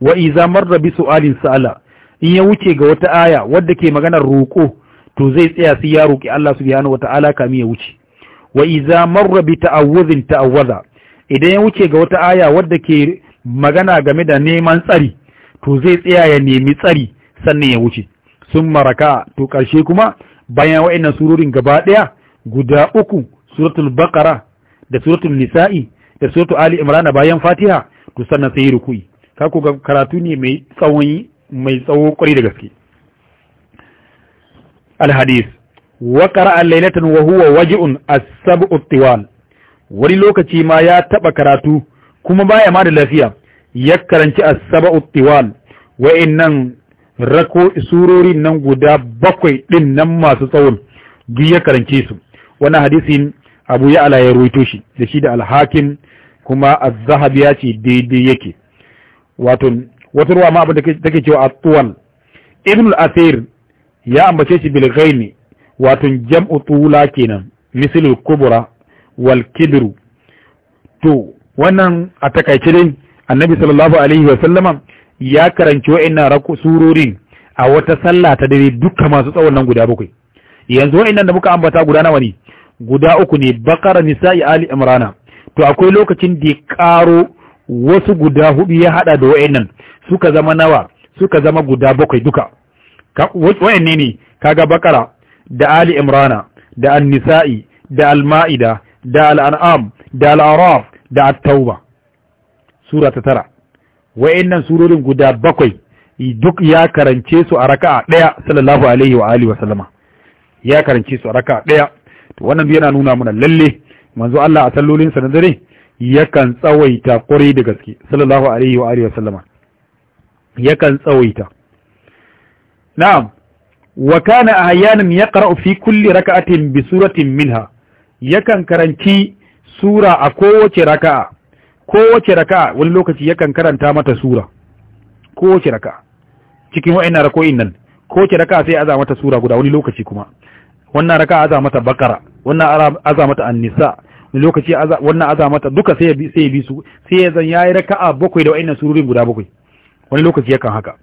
wa iza marra bi su'alin sa'ala in ya wuce ga wata aya wadda ke maganar roko to zai tsaya sai ya roƙi Allah subhanahu wataala kami ya wuce wa idza marra bi ta'awudhin ta'awadha idan ya wuce ga wata aya wadda ke magana game da neman tsari to zai tsaya ya nemi tsari sannan ya wuce sun maraka to karshe kuma bayan wa'annan surorin gaba daya guda uku suratul baqara da suratul nisa'i da suratul ali imran bayan fatiha to sannan sai ruku'i ka karatu ne mai tsawon mai tsawo kwari da gaske alhadis wa qara'a laylatan wa huwa waji'un as-sab'u tiwal wani lokaci ma ya taba karatu kuma baya ma da lafiya ya karanci as-sab'u tiwal wa innan rako surori nan guda bakwai din nan masu tsawon duk ya karance su Wani hadisin Abu Ya'la ya ruwaito shi da shi da Alhakin kuma az-Zahabi ya ce daidai yake wato wata ruwa ma abin da take cewa at-tuwal Ibn al-Asir ya ambace shi bil ghaini wato jam'u tula kenan mislul kubra wal kibru to wannan a takaice dai annabi sallallahu alaihi wa sallama ya karanci wa'annan raku surorin a wata sallah ta dare duka masu tsawon nan guda bakwai yanzu wa'annan da muka ambata guda nawa ne guda uku ne bakara nisa'i ali imrana to akwai lokacin da ya karo wasu guda hudu ya hada da wa'annan suka zama nawa suka zama guda bakwai duka wayanne ne kaga bakara da ali imrana da annisa'i da al da al da al da at-tauba sura ta tara wayannan surorin guda bakwai duk ya karance su a raka'a daya sallallahu alaihi wa alihi wa sallama ya karance su a raka'a daya to wannan yana nuna mana lalle manzo Allah a sa na dare yakan tsawaita kwarai da gaske sallallahu alaihi wa alihi wa sallama yakan tsawaita na'am wa kana ahyanan yaqra'u fi kulli raka'atin bi suratin minha yakan karanci sura a kowace raka'a kowace raka'a wani lokaci yakan karanta mata sura kowace raka'a cikin wa'in wa'annan rako'in nan kowace raka'a sai aza mata sura guda wani lokaci kuma wannan raka'a aza mata bakara wannan aza mata an wani lokaci wannan aza mata duka sai ya bi su sai ya zan yayi raka'a bakwai da wa'annan sururin guda bakwai wani lokaci yakan haka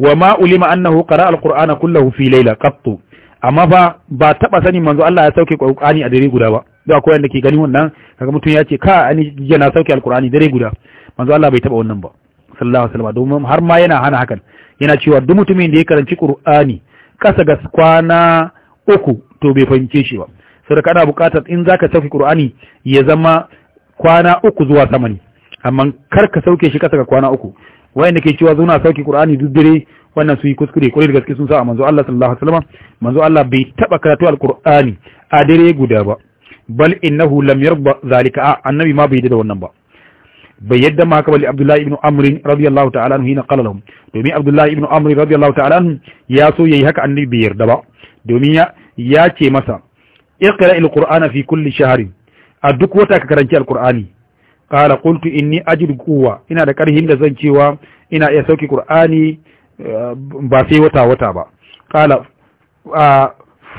wa ma ulima annahu qara alqur'ana kullahu fi layla qattu amma ba, ba taba sani manzo Allah ya sauke Qur'ani a dare guda ba da akwai wanda ke gani wannan kaga mutum ya ce ka ani jiya na sauke alqur'ani dare guda manzo Allah bai taba wannan ba sallallahu alaihi wasallam domin har ma yana hana hakan yana cewa duk mutumin da ya karanci Qur'ani kasa ga kwana uku to bai fahimce shi ba sai kana buƙatar in zaka sauke Qur'ani ya zama kwana uku zuwa sama ne amma kar ka sauke shi kasa ga kwana uku wayanda ke cewa zauna sauke Qur'ani duk dare wannan su yi kuskure kwarai da gaske sun sa a manzo Allah sallallahu alaihi wasallam manzo Allah bai taba karatu alqur'ani a dare guda ba bal innahu lam yarda zalika annabi ma bai da wannan ba bai yadda ma haka bali Abdullahi ibn Amr radiyallahu ta'ala anhu hina qala lahum domin Abdullahi ibn Amr radiyallahu ta'ala anhu ya so yayi haka annabi bai yarda ba domin ya ya ce masa iqra al-qur'ana fi kulli shahrin a duk wata ka karanci alqur'ani qala qultu inni ajidu quwwa ina da karhin da zan cewa ina iya sauki qur'ani eh, ba sai wata wata ba qala ah,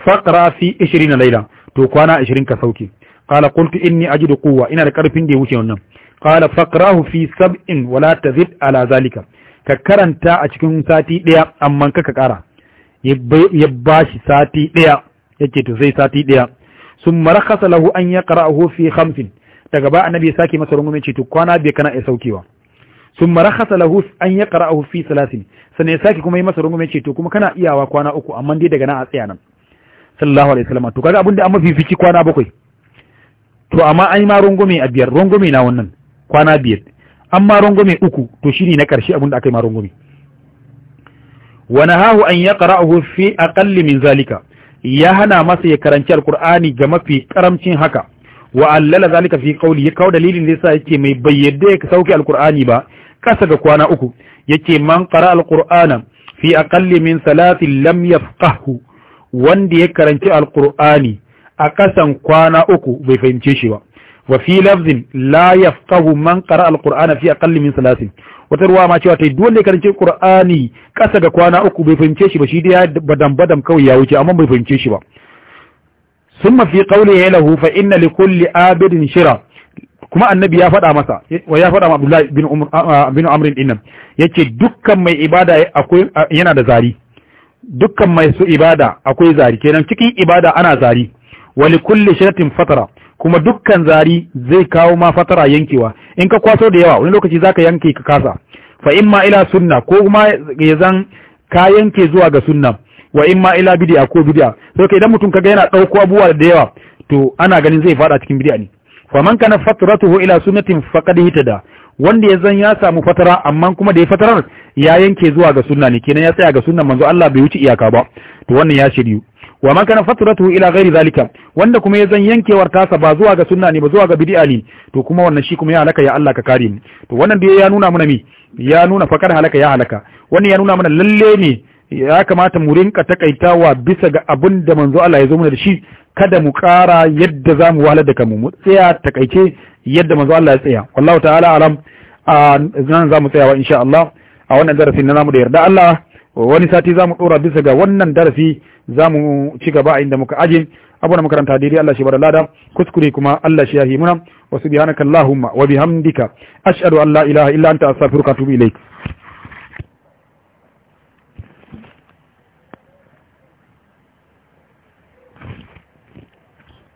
faqra fi 20 layla to kwana 20 ka sauki qala qultu inni ajidu quwwa ina da karfin da ya wuce wannan qala faqrahu fi sab'in wala tazid ala zalika ka karanta a cikin sati daya amma ka ka kara ya bashi sati daya yake to sai sati daya sun marakasa lahu an ya qara'ahu fi khamsin daga ba annabi ya sake masa rungume ce to kwana biyar kana ya saukewa sun marakhasa lahu an ya qara'ahu fi salasin sannan ya sake kuma yi masa rungume ce to kuma kana iyawa kwana uku amma dai daga na a tsaya nan sallallahu alaihi wasallam to kaga abin da an mafifici kwana bakwai to amma an yi ma rungume a biyar rungume na wannan kwana biyar an ma rungume uku to shi ne na ƙarshe abin da aka yi ma rungume wa nahahu an yaqra'ahu fi aqalli min zalika ya hana masa ya karanci alqur'ani ga mafi karamcin haka wa allala zalika fi qawli ya kawo dalilin da yasa yake mai bayyade ya sauke alqur'ani ba kasa ga kwana uku yake man qara alqur'ana fi aqalli min salatin lam yafqahu wanda ya karanci alqur'ani a kasan kwana uku bai fahimce shi ba wa fi lafzin la yafqahu man qara alqur'ana fi aqalli min salatin wata ruwa ma cewa tai dole karanci qur'ani kasa ga kwana uku bai fahimce shi ba shi dai ya badam badam kawai ya wuce amma bai fahimce shi ba ثم في قوله له فإن لكل آبد shira. kuma annabi ya faɗa masa wa ya faɗa ma Abdullahi bin Amrin dinnan. Ya ce yace dukkan mai ibada yana da zari dukkan mai su ibada akwai zari kenan cikin ibada ana zari wa li kulli shiratin fatara kuma dukkan zari zai kawo ma fatara yankewa in ka kwaso da yawa wani lokaci zaka yanke ka kasa fa imma ila sunna ko kuma ya zan ka yanke zuwa ga sunna wa in ma ila bidiya ko bidiya to kai idan mutum kaga yana dauko abuwa da yawa to ana ganin zai fada cikin bidiya ne fa man kana fatratuhu ila sunnatin faqad hitada wanda ya zan ya samu fatara amma kuma da ya fatarar ya yanke zuwa ga sunna ne kenan ya tsaya ga sunnan manzo Allah bai wuce iyaka ba to wannan ya shiryu wa man kana fatratuhu ila ghairi zalika wanda kuma ya zan yankewar tasa ba zuwa ga sunna ne ba zuwa ga bid'a ne to kuma wannan shi kuma ya halaka ya Allah ka kare ni. to wannan da ya nuna mana mi ya nuna fakar halaka ya halaka wannan ya nuna mana lalle ne ya kamata mu rinka takaitawa bisa ga abin da manzo Allah ya zo mana da shi kada mu ƙara yadda za mu wahalar da kanmu mu tsaya takaice yadda manzo Allah ya tsaya wallahu ta'ala alam a za mu tsayawa insha Allah a wannan darasi na namu da yarda Allah wani sati za mu ɗora bisa ga wannan darasi za mu ci gaba a inda muka aje abuna makaranta daidai Allah shi bada lada kuskure kuma Allah shi yahi muna wa subhanakallahumma wa bihamdika ashhadu an la ilaha illa anta astaghfiruka wa atubu ilaik